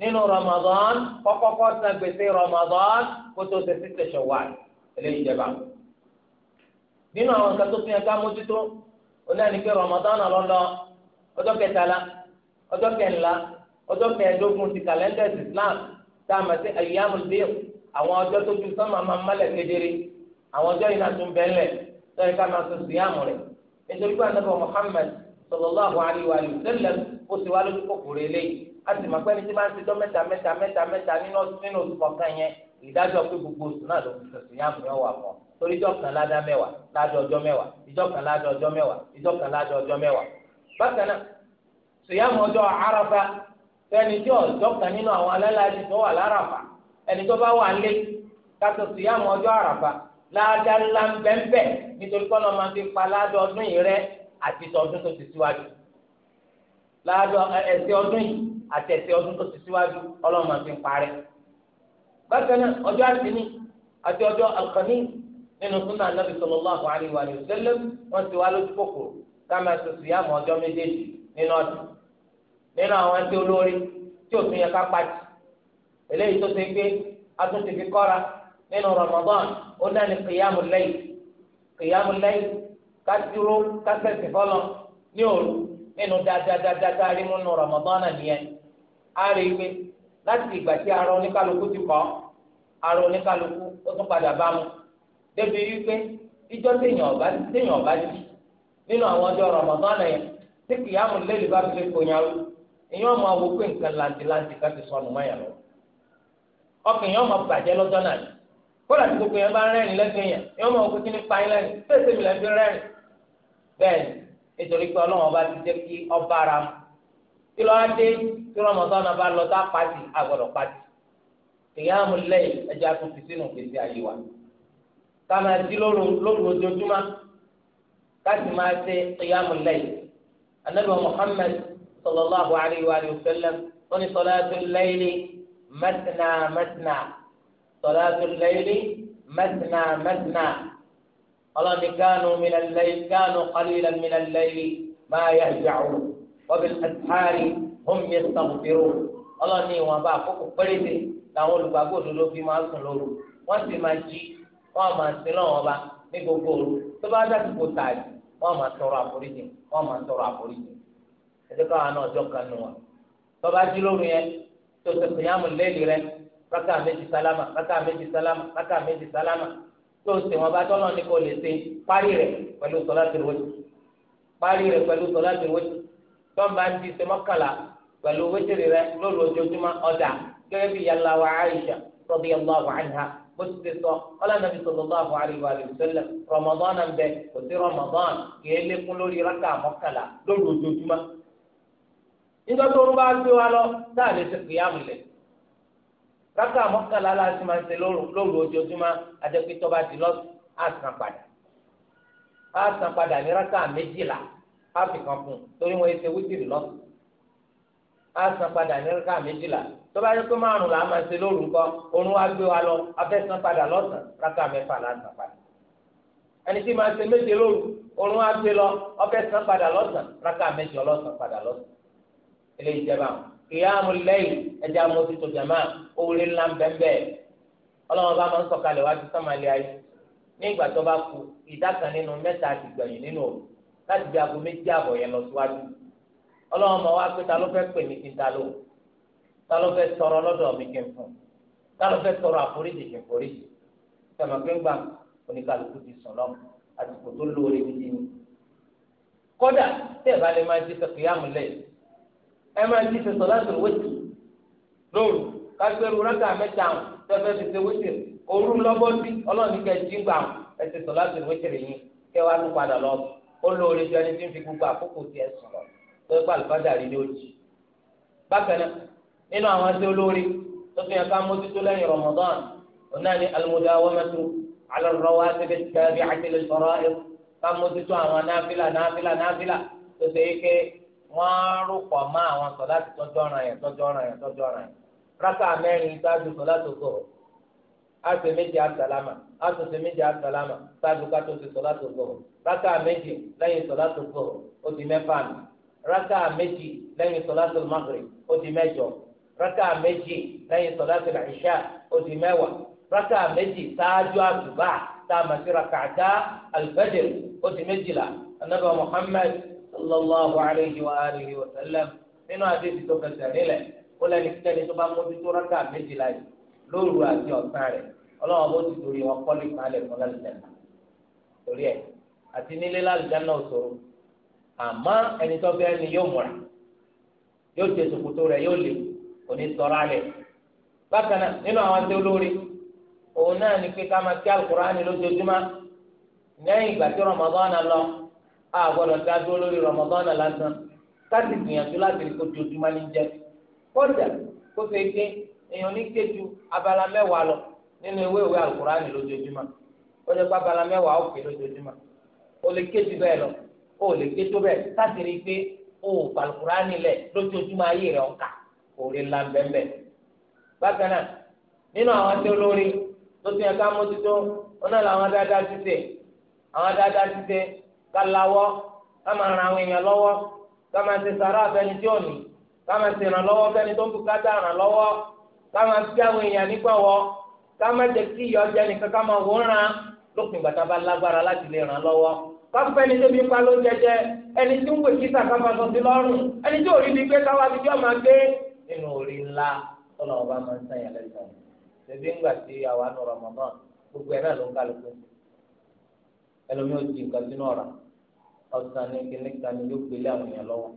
nínú Ramadan kọ́kọ́kọ́ san gbèsè Ramadan kó tó ṣe títẹ̀ Ṣawwal eléyìí jẹba nínú àwọn nǹkan tó fi hàn ká mójútó onáni pé Ramadan lọ́lọ́ ọjọ́ kẹtàlá ọjọ́ kẹńlá ọjọ́ kẹẹ̀ẹ́dógún ti kàlẹ́ndà Islam tá a mọ̀ sí ayyamul bíl àwọn ọjọ́ tó ju sánmà máa mọ́lẹ̀ kedere àwọn ọjọ́ yìí náà tún bẹ́ẹ̀ lẹ̀ lọ́yẹ̀ ká máa sọ síyàmù rẹ̀ nítorí pé ànábì Muhammad sallallahu alayhi wa sallam ó ti wá lójú kòkòrò eléyìí a sì mọ̀ pé ní tí máa ń ti dán mẹ́ta mẹ́ta mẹ́ta mẹ́ta nínú nínú oṣù kọ̀ọ̀kan yẹn ìdájọ́ pé gbogbo oṣù náà ló fi sọ̀tún yàmù yẹn wà fún ọ torí ìjọ kan ládá mẹ́wàá ládá ọjọ́ mẹ́wàá ìjọ kan ládá ọjọ́ mẹ́wàá ìjọ kan ládá ọjọ́ mẹ́wàá bákan náà sùyàmù ọjọ́ Àrafa fẹ́ni tí ọ̀dọ́ kan nínú àwọn alálàájì tó wà láràfà ẹni tó bá wà lé kátó sí àmọ́ ọjọ́ àràfà láàdá ńlá ń bẹ́ẹ̀ bẹ́ẹ̀ nítorí kọ́nà máa fi pa láàdá ọdún yìí rẹ àti tọdún tó ti síwájú láàdá ẹsẹ̀ ọdún yìí àti ẹsẹ̀ ọdún tó ti síwájú ọlọ́run máa fi parẹ́. bákan náà ọjọ́ àtìní àti ọjọ́ àkànní nínú súnà anábì sallallahu alaihi wa sallam wọ́n ti wá lójú kòkòrò ká máa sọ̀tù yá àmọ́ ọjọ́ méjèèjì nínú ọdún nínú àwọn ẹgbẹ́ olórí tí ò tún yẹ ká pàtì eléyìí tó ṣe pé atúntì fi kọ́ra nínú Ramadan ó náà ní kìyàmù lẹ́yìn kìyàmù lẹ́yìn ká dúró ká sẹ̀sì fọlọ́ ní òru nínú dáadáadáa rí múnú Ramadan náà nìyẹn á rí i pé láti ìgbà ti kọ́ ara ó tún padà bá mu débi ìjọ téèyàn ọba téèyàn ọba jì èyàn máa wo pé nǹkan lantilanti ká ti sọnù mọ́ yàn lọ ọkàn èyàn máa bàjẹ́ lọ́jọ́ náà ni kódà tí gbogbo yẹn bá rẹ́rìn lẹ́sìn yẹn èyàn máa wo pé kí ni pa yín lẹ́rìn tẹ̀sẹ̀ mi lẹ́sìn rẹ́rìn bẹ́ẹ̀ ni nítorí pé ọlọ́run ọba ti jẹ́ kí ọba ara mu kí ló á dé kí rọmọdán náà bá lọ tá pàtì àgbọ̀dọ̀ pàtì èyàn mú lẹ́yìn ẹja tó sínú gbèsè àyè wa ká máa di Muhammad sallallahu alayhi wa sallam wọ́n ní salatul layli matna matna salatul layli matna matna ọlọ́ni kánú minal layli kánú qalilan minal layli máa yahja'un wa bil ashaari hum yastaghfirun ọlọ́ni ìwọ̀nba àkókò péréte làwọn olùgbàgbọ́ òdodo fi máa sùn lóru wọ́n sì máa jí wọ́n máa sin lọ́wọ́ ọba ní gbogbo òru tó bá dàbí kò tààdì wọ́n máa tọrọ àforíjì wọ́n máa tọrọ àforíjì ẹjọ́ káwọn náà jọ kan nù wọn tọba jí lóru yẹn tó tẹsán yá mu lẹ́ẹ̀lì rẹ rákà méjì sálámà rákà méjì sálámà rákà méjì sálámà tó o sì wọn bá tọ́lọ́ ní kò lè ṣe parí rẹ pẹ̀lú sọlá tìrìwọ́tì parí rẹ pẹ̀lú sọlá tìrìwọ́tì tọ́ba ń di sẹ́mọ́kàlà pẹ̀lú wẹ́tìrì rẹ lóru ojoojúmọ́ ọ̀dà gẹ́gẹ́ bí yàrá wa Aisha radiyallahu anha bó ti ti sọ ọlọ́run nàbí sallallahu alaihi wa sallam Ramadan náà bẹ kò sí Ramadan kì í lékún lórí rákà mọ́kàlà lóru ojoojúmọ́ nígbà tó ń bá gbé wa lọ táà lè ṣe kìyàmù lẹ̀ rákà mọ́kànlá láti máa ṣe lóru ojoojúmọ́ adẹ́pẹ́tọ́ bá ti lọ àsàn padà àsàn padà ní rákà méjìlá àfi kan kún torí wọn ṣe wítìrì lọ àsàn padà ní rákà méjìlá tó bá yẹ pé márùn là á máa ṣe lóru ńkọ́ oorun wa gbé wa lọ afẹ́sàn padà lọ́sàn rákà mẹ́fà lásàn padà ẹni tí máa ṣe méje lóru oorun wa gbé lọ ọfẹ́sàn padà lọ́sàn rákà mẹ́jọ lọ́sàn padà lọ́sàn eléyìí jẹba kìyàmù lẹ́yìn ẹjẹ amójútó jama orí ńlá bẹ́ẹ̀ ọlọ́run bá máa ń sọ̀kalẹ̀ wá sí sọ́màlì ayé ní ìgbà tó bá ku ìdá kan nínú mẹ́ta ti gbẹ̀yìn nínú òru láti bí aago méjì àbọ̀ yẹn lọ síwájú ọlọ́run máa wá pé ta ló fẹ́ pè mí kí n ta ló ta ló fẹ́ sọ̀rọ̀ lọ́dọ̀ mi kí n fún ta ló fẹ́ sọ̀rọ̀ àforíjì kí n foríjì sọ̀mọ̀ pé ń gbà oníkàlùkù ti sùn lọ́mù àsìkò tó lóore gidi ni kódà tẹ́ẹ̀ bá lè máa jí sọ kìyàmù ẹ máa ti ṣe sọlá tó wéjì lóru kágbéru rákà mẹ́ta àwọn tẹfẹ ti ṣe wéjì òru lọbọ sí Ọlọ́run kẹ jí gbà ẹ ti sọlá tó wéjì rẹ yín kẹ wàá tún padà lọ ó lóore jọ ẹni tí ń fi gbogbo àkókò tiẹ̀ sùn lọ tó gbà lùfàdà rí ní òjì bákan náà nínú àwọn ẹsẹ olóore tó fi hàn ká mójútó lẹ́yìn Ramadan ọ̀nà ni al-mudawamatu ala ar-rawatib wọ́n rúpọ̀ mọ́ àwọn sọ̀lá ti tọ́jú ọ̀ràn yẹn tọ́jú ọ̀ràn yẹn tọ́jú ọ̀ràn yẹn rákà mẹ́rin ṣáájú sọ̀lá tó sọ̀rọ̀ àṣẹ méjì àṣàlámà àtúnṣe méjì àṣàlámà ṣáájú ká tó ṣe sọ̀lá tó sọ̀rọ̀ rákà méjì lẹ́yìn sọ̀lá tó sọ̀rọ̀ ó di mẹ́fà mi rákà méjì lẹ́yìn sọ̀lá tó maghrib ó di mẹ́jọ rákà méjì lẹ́yìn sọ̀lá tó ìṣà ó di mẹ́wàá rákà méjì ṣáájú àṣùbà tá a mọ̀ sí rákà dá al ó di méjìlá anábà Muhammad sallallahu alayhi wa alihi wa sallam nínú àdéhùn tó kẹsẹ̀ nílẹ̀ ó lẹ́ni kẹ́ni tó bá mójútó rákà méjìlá yìí lóru àti ọ̀sán rẹ̀ ọlọ́wọ́n bó ti torí wọn kọ́lé kalẹ̀ fún lálùjáná torí ẹ̀ àti nílé lálùjáná òṣòro àmọ́ ẹni tó bẹ́ẹ̀ ni yóò múra yóò tẹ ṣòkòtò rẹ̀ yóò lè òní sọ̀rọ̀ alẹ̀ bákan náà nínú àwọn tó lórí òun náà ni pé ká máa kí alukur'ani lójoojúmọ́ lẹ́yìn ìgbà tí rọmọdún náà lọ a gbọ́dọ̀ dá dúró lórí rọmọdánà lásán káàdì gbìyànjú láti rí kótó ojúmọ́ ní jẹ kódà kó fẹ́ gbé èèyàn ní kéju abala mẹ́wàá lọ nínú ewé ìwé alukurani lójoojúmọ́ ó lè gba abala mẹ́wàá òkè lójoojúmọ́ ó lè kéju bẹ́ẹ̀ lọ ó lè ké tó bẹ́ẹ̀ láti rí i pé ó alukurani lẹ lójoojúmọ́ ayé rẹ ọkà òrè ńlá bákan náà nínú àwọn tó lórí tó ti yẹ ká mójútó ó náà làwọn dáadáa ti tẹ àwọn dáadáa ti tẹ ká lawọ́ ká máa ran àwọn èèyàn lọ́wọ́ ká máa ṣe sàrà àfẹni tí ò ní ká máa ṣe ìrànlọ́wọ́ fẹ́ni tó ń bu kátà ìrànlọ́wọ́ ká máa fi àwọn èèyàn nígbàwọ́ ká má jẹ́ kí ìyọ́ jẹ nìkan ká máa wòran lópin ìgbà a bá lágbára láti lè ràn lọ́wọ́ ká fẹ́ni tó bí pa ló ń jẹjẹ ẹni tí ń wè kíta ká máa sọ sí lọ́rùn ẹni tí òrí ni gbé káwá ti jọ́ máa gbé nínú orí ńlá tọ́lá ọba máa ń sẹ́yìn lẹ́sàn-án ṣẹbi ńgbà tí àwa nù Ramadan gbogbo ẹ̀ náà ló ń kálukú ẹlòmíì ti nǹkan sínú ọ̀ràn ọ̀sán ní kíní kan ní yóò gbélé àwọn èèyàn lọ́wọ́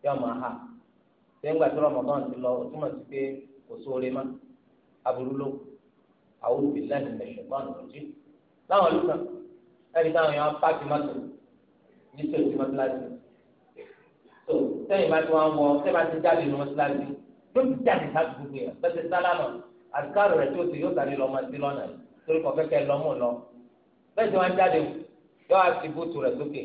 tí wọ́n máa hà sẹ́ńgbà tí Ramadan ti lọ ó túmọ̀ sí pé kò sóore má aburú ló àwọn òbílẹ̀ nílẹ̀ ṣùgbọ́n àtúntì láwọn olùkọ́ ẹni táwọn èèyàn pààkì mọ́tò nítorí tí mọ́tíláṣí tó sẹ́yìn bá ti wọ́n wọ sẹ́yìn bá ti jáde ní mọ́tíláṣí yóò ti jáde láti gbogbo yẹn bẹ́sẹ̀ sálámà àtikárò rẹ̀ tí ó ti yóò tàbí lọ́mọ sí lọ́nà torí kọ̀ọ̀kẹ́kẹ́ lọ́mọ lọ bẹ́sẹ̀ wọn jáde yóò á ti bótu rẹ̀ sókè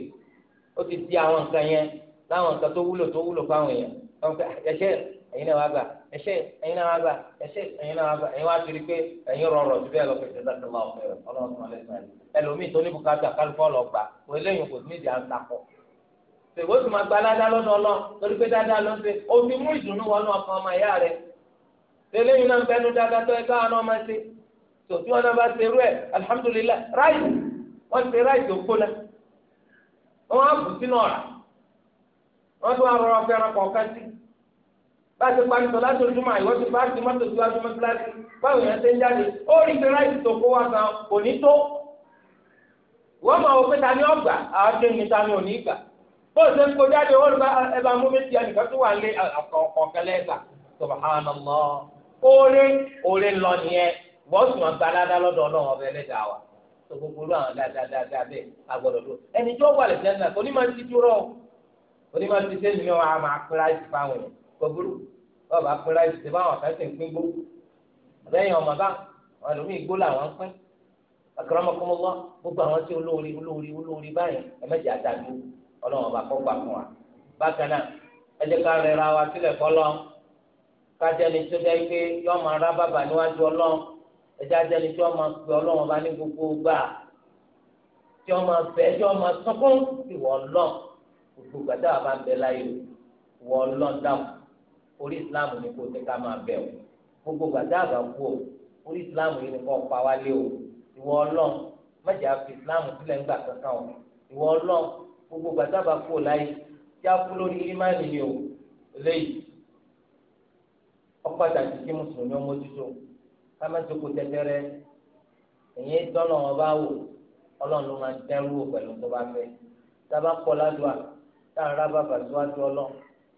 ó ti di àwọn nǹkan yẹn láwọn nǹkan tó wúlò tó wúlò fáwọn èèyàn wọn pé ah, ẹṣẹ ẹ̀yin náà wá gbà ẹṣẹ ẹ̀yin náà wá gbà ẹṣẹ ẹ̀yin náà wá gbà ẹ̀yin wá ti rí pé ẹ̀yin rọrọ ju bẹ́ẹ̀ lọ pé ṣẹlẹ̀ tó máa fẹ́ Ọlọ́run tó máa lẹsẹ rẹ ẹlòmíì tó ní bùkátà kálífọ lọ gbà wọn eléyìí kò ní ìdí àǹtakọ ṣèwọ tó máa gba dáadáa lọ́dọ̀ ọlọ torí pé dáadáa ló ń ṣe ó ti mú ìdùnnú wọnú ọkàn ọmọ ìyá rẹ eléyìí náà ń bẹnu dáadáa tó ẹ wọn á bù sínú ọ̀rá wọn tún arọ ọfẹ ẹranko ọ̀ká sí bá a ti parí sọ láti ojúmọ́ àyíwọ́ ti bá a ti mọ́tò síwájú mọ́tíláṣí báwo yẹn ń jáde ó rí ti tó kó wá kò ní tó ta ni ta ni ò ní gbà bó ṣe ń bá ah, ẹ bá mú mi tó wà lé ah, lọ nìyẹn tó gbogbo rú àwọn dáadáa bẹ́ẹ̀ agbọ́dọ̀ dúró ẹni tí wọ́n wà lẹ́sẹ̀ náà kò ní máa ti dúró kò ní máa ti sẹ́yìn ní wọn a máa pín ráìsì fáwọn yẹn kò burú wọ́n bá pín ráìsì sí báwọn afẹ́ sì ń pín gbó àbẹ́yìn ọmọ bá wọn lómi ìgbó làwọn pín àkàràmọ́kọ́mọ́wá gbogbo àwọn tí olóore olóore olóore báyìí ẹ̀mẹ́jì àtàdú ọlọ́wọ́n bá kọ́ gbà fún wa bákan náà ẹ jẹ́ ká rẹra wa sílẹ̀ fọlọ́ kájẹ́ni tó dẹ́ pé yọ́ọ́ máa rá bàbà níwájú ọlọ́run ẹja jẹni tí wọn máa pe Ọlọ́run bá ní gbogbo gbà tí wọn máa fẹ́ tí wọn máa sọkún ìwọ Ọlọ́run gbogbo gbàdá wa bá ń bẹ láyé o ìwọ Ọlọ́run dáhùn orí Islam ní kó tẹ ká máa bẹ o gbogbo gbàdá wa kú o orí Islam yìí ní kó pa wá lé o ìwọ Ọlọ́run mẹjẹ àfi Islam sílẹ̀ ń gbà kankan o ìwọ Ọlọ́run gbogbo gbàdá wa kú o láyé tí a kú lórí imáàlì o lẹ́yìn ọpọ àtàkì kí mùsùlùmí ọmọ ojúṣe kámẹ́sìkò tẹ́tẹ́rẹ́ èyí tọ́nà ọba wò ọlọ́run ló máa dẹ́rù wò pẹ̀lú tó bá fẹ́ sábà kọ́ ládùá táwọn rábà bàtúwájú ọlọ́run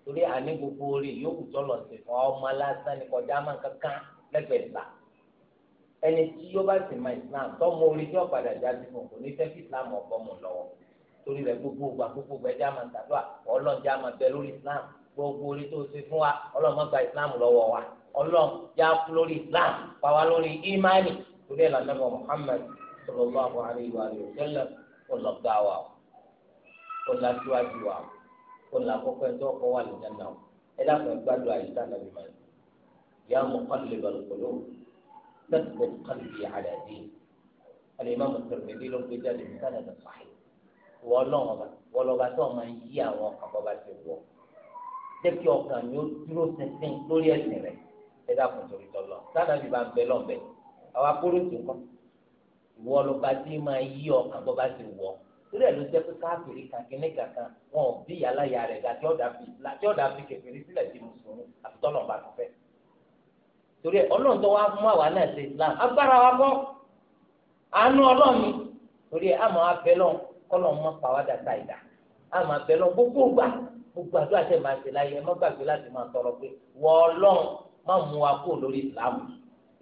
torí àní gbogbo orí yòókù tọ́lọ̀ sí fún ọmọ lásán ní kọjá máa kankan lẹ́gbẹ̀ẹ́ gbà ẹni tí yóò bá sì máa islam tọ́mọ orí tí ọ̀padà já sí fún kò ní fẹ́ kí islam ọ̀bọ̀ mọ̀ lọ́wọ́ torí rẹ̀ gbogbo ògbà gbogbo gbẹ́jà máa tàdúrà ọlọ́run já máa bẹ lórí islam gbogbo orí tó ṣe fún wa ọlọ́run má gba islam lọ́wọ́ wa ọlọ́run yà á kú lórí islam pàwá lórí imani lórí ìlànà bọ̀ muhammad sallallahu alayhi wa sallam ọlọ́gá wa ọlọ́síwájú wa ọlọ́kọ́kọ́ ẹ̀ tó kọ́ wà lè jẹ́ náà ẹ dákun gbádùn àyíká nàbí mọ́ يا مقلب القلوب ثبت قلبي على دينك الإمام الترمذي لو بجد بسند صحيح wọlọ́ọ̀ba wọlọ́ọ̀ba tó o máa ń yí àwọn ọkàn bọ́ba ti wọ̀ jẹ́ ẹ dákun torí tọlọ sáà bí bá ń bẹ lọ́nbẹ àwa kúrò tó kọ́ ìwọ ló bá dé máa yí ọkàn bó bá ti wọ̀ torí ẹ̀ ló jẹ́ pé káàkiri kankiri kankan wọn ò bí aláya rẹ̀ gà tí ọ̀dà fi kékeré sílẹ̀ di mùsùlùmí àtọ́nà bá tó fẹ́ torí ẹ̀ ọlọ́run tó wá mú àwa náà ṣe Islam agbára wa kọ́ àánú ọlọ́run mi torí ẹ̀ àmọ́ abẹ́lọ́ kọ́lọ́ mọ́ pàwádà ta ìdá àmọ́ abẹ́lọ́ gbogbo gbà gbogbo àdúrà tẹ̀ máa ṣe láyé ẹ má gbàgbé láti máa tọrọ pé wọ́ ọlọ́run má mú wa kó lórí ìsìláàmù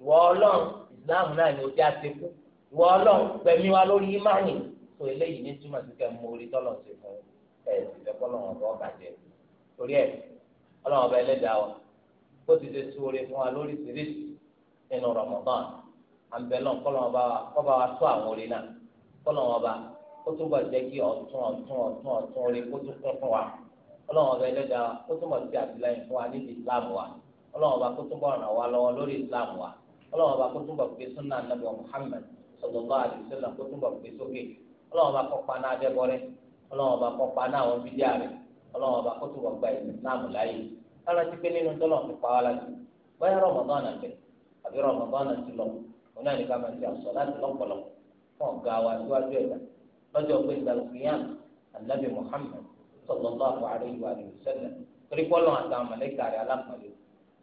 ìwọ ọlọ́run ìsìláàmù náà ni ojú àtẹkù ìwọ ọlọ́run gbẹ̀mí wa lórí ìmáàmù tó eléyìí ní túmọ̀ sí kẹ́ mú orí tọ́lọ̀ ṣe fún ẹ sì fẹ́ kọ́lọ́run ọ̀bọ bàjẹ́ torí ẹ ọlọ́run ọba ẹlẹ́dàá wa bó ti ṣe tú oore fún wa lórí ìṣiríṣi nínú Ramadan àǹbẹ̀lọ́n kọ́lọ́run ọba kọ́ba wa tó àwọn oore náà kọ́lọ́run ọba ó tún bọ̀ jẹ́ kí ọ̀tún ọ̀tún ọ̀tún ọ̀tún oore kó tún kún fún wa ọlọ́run ọba ẹlẹ́dàá ó tún bọ̀ sí àtìlẹ́yìn fún wa níbi ìsìláàmù wa ọlọ́run bá kó túbọ̀ ràn wá lọ́wọ́ lórí islam wa ọlọ́run bá kó túbọ̀ gbé sunnah nabi muhammed sallallahu alaihi wasallam kó túbọ̀ gbé sókè ọlọ́run bá kó paná adébọ́rẹ́ ọlọ́run bá kó paná àwọn bídíà rẹ̀ ọlọ́run bá kó túbọ̀ gba islam láàyè kára ti pé nínú tọ́lọ̀ fi pa wá láti báyà rọmọdán àbẹ àbí rọmọdán àti lọ ọ̀nà ìka máa ti àṣọ sallallahu alaihi wa sallam torí pọ́lọ́ àtàwọn mọ̀lẹ́kà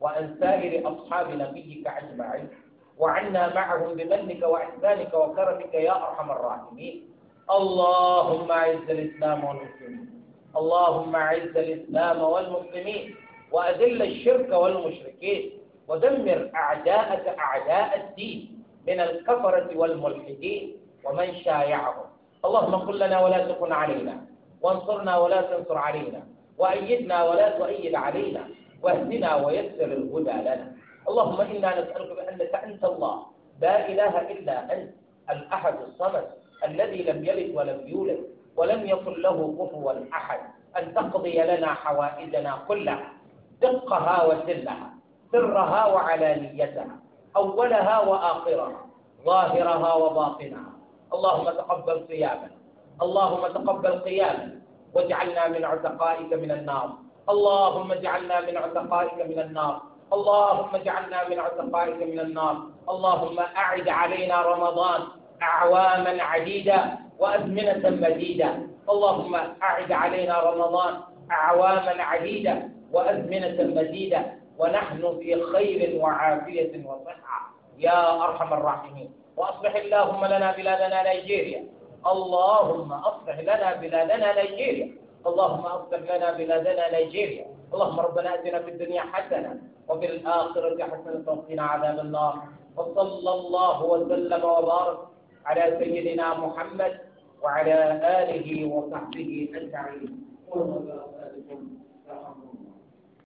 وعن سائر أصحاب نبيك أجمعين وعنا معهم بمنك وإحسانك وكرمك يا أرحم الراحمين اللهم أعز الإسلام والمسلمين اللهم أعز الإسلام والمسلمين وأذل الشرك والمشركين ودمر أعداءك أعداء الدين من الكفرة والملحدين ومن شايعهم اللهم قل لنا ولا تكن علينا وانصرنا ولا تنصر علينا وأيدنا ولا تؤيد علينا واهدنا ويسر الهدى لنا اللهم إنا نسألك بأنك أنت الله لا إله إلا أنت الأحد الصمد الذي لم يلد ولم يولد ولم يكن له كفوا أحد أن تقضي لنا حوائجنا كلها دقها وسلها سرها وعلانيتها أولها وآخرها ظاهرها وباطنها اللهم تقبل صيامنا اللهم تقبل قيامنا واجعلنا من عتقائك من النار اللهم اجعلنا من عتقائك من النار اللهم اجعلنا من عتقائك من النار اللهم أعد علينا رمضان أعواما عديدة وأزمنة مديدة اللهم أعد علينا رمضان أعواما عديدة وأزمنة مديدة ونحن في خير وعافية وصحة يا أرحم الراحمين وأصلح اللهم لنا بلادنا نيجيريا اللهم أصلح لنا بلادنا نيجيريا اللهم اغفر لنا بلادنا نيجيريا اللهم ربنا أتنا في الدنيا حسنة وفي الآخرة حسنة وقنا عذاب النار وصلى الله وسلم وبارك على سيدنا محمد وعلى آله وصحبه أجمعين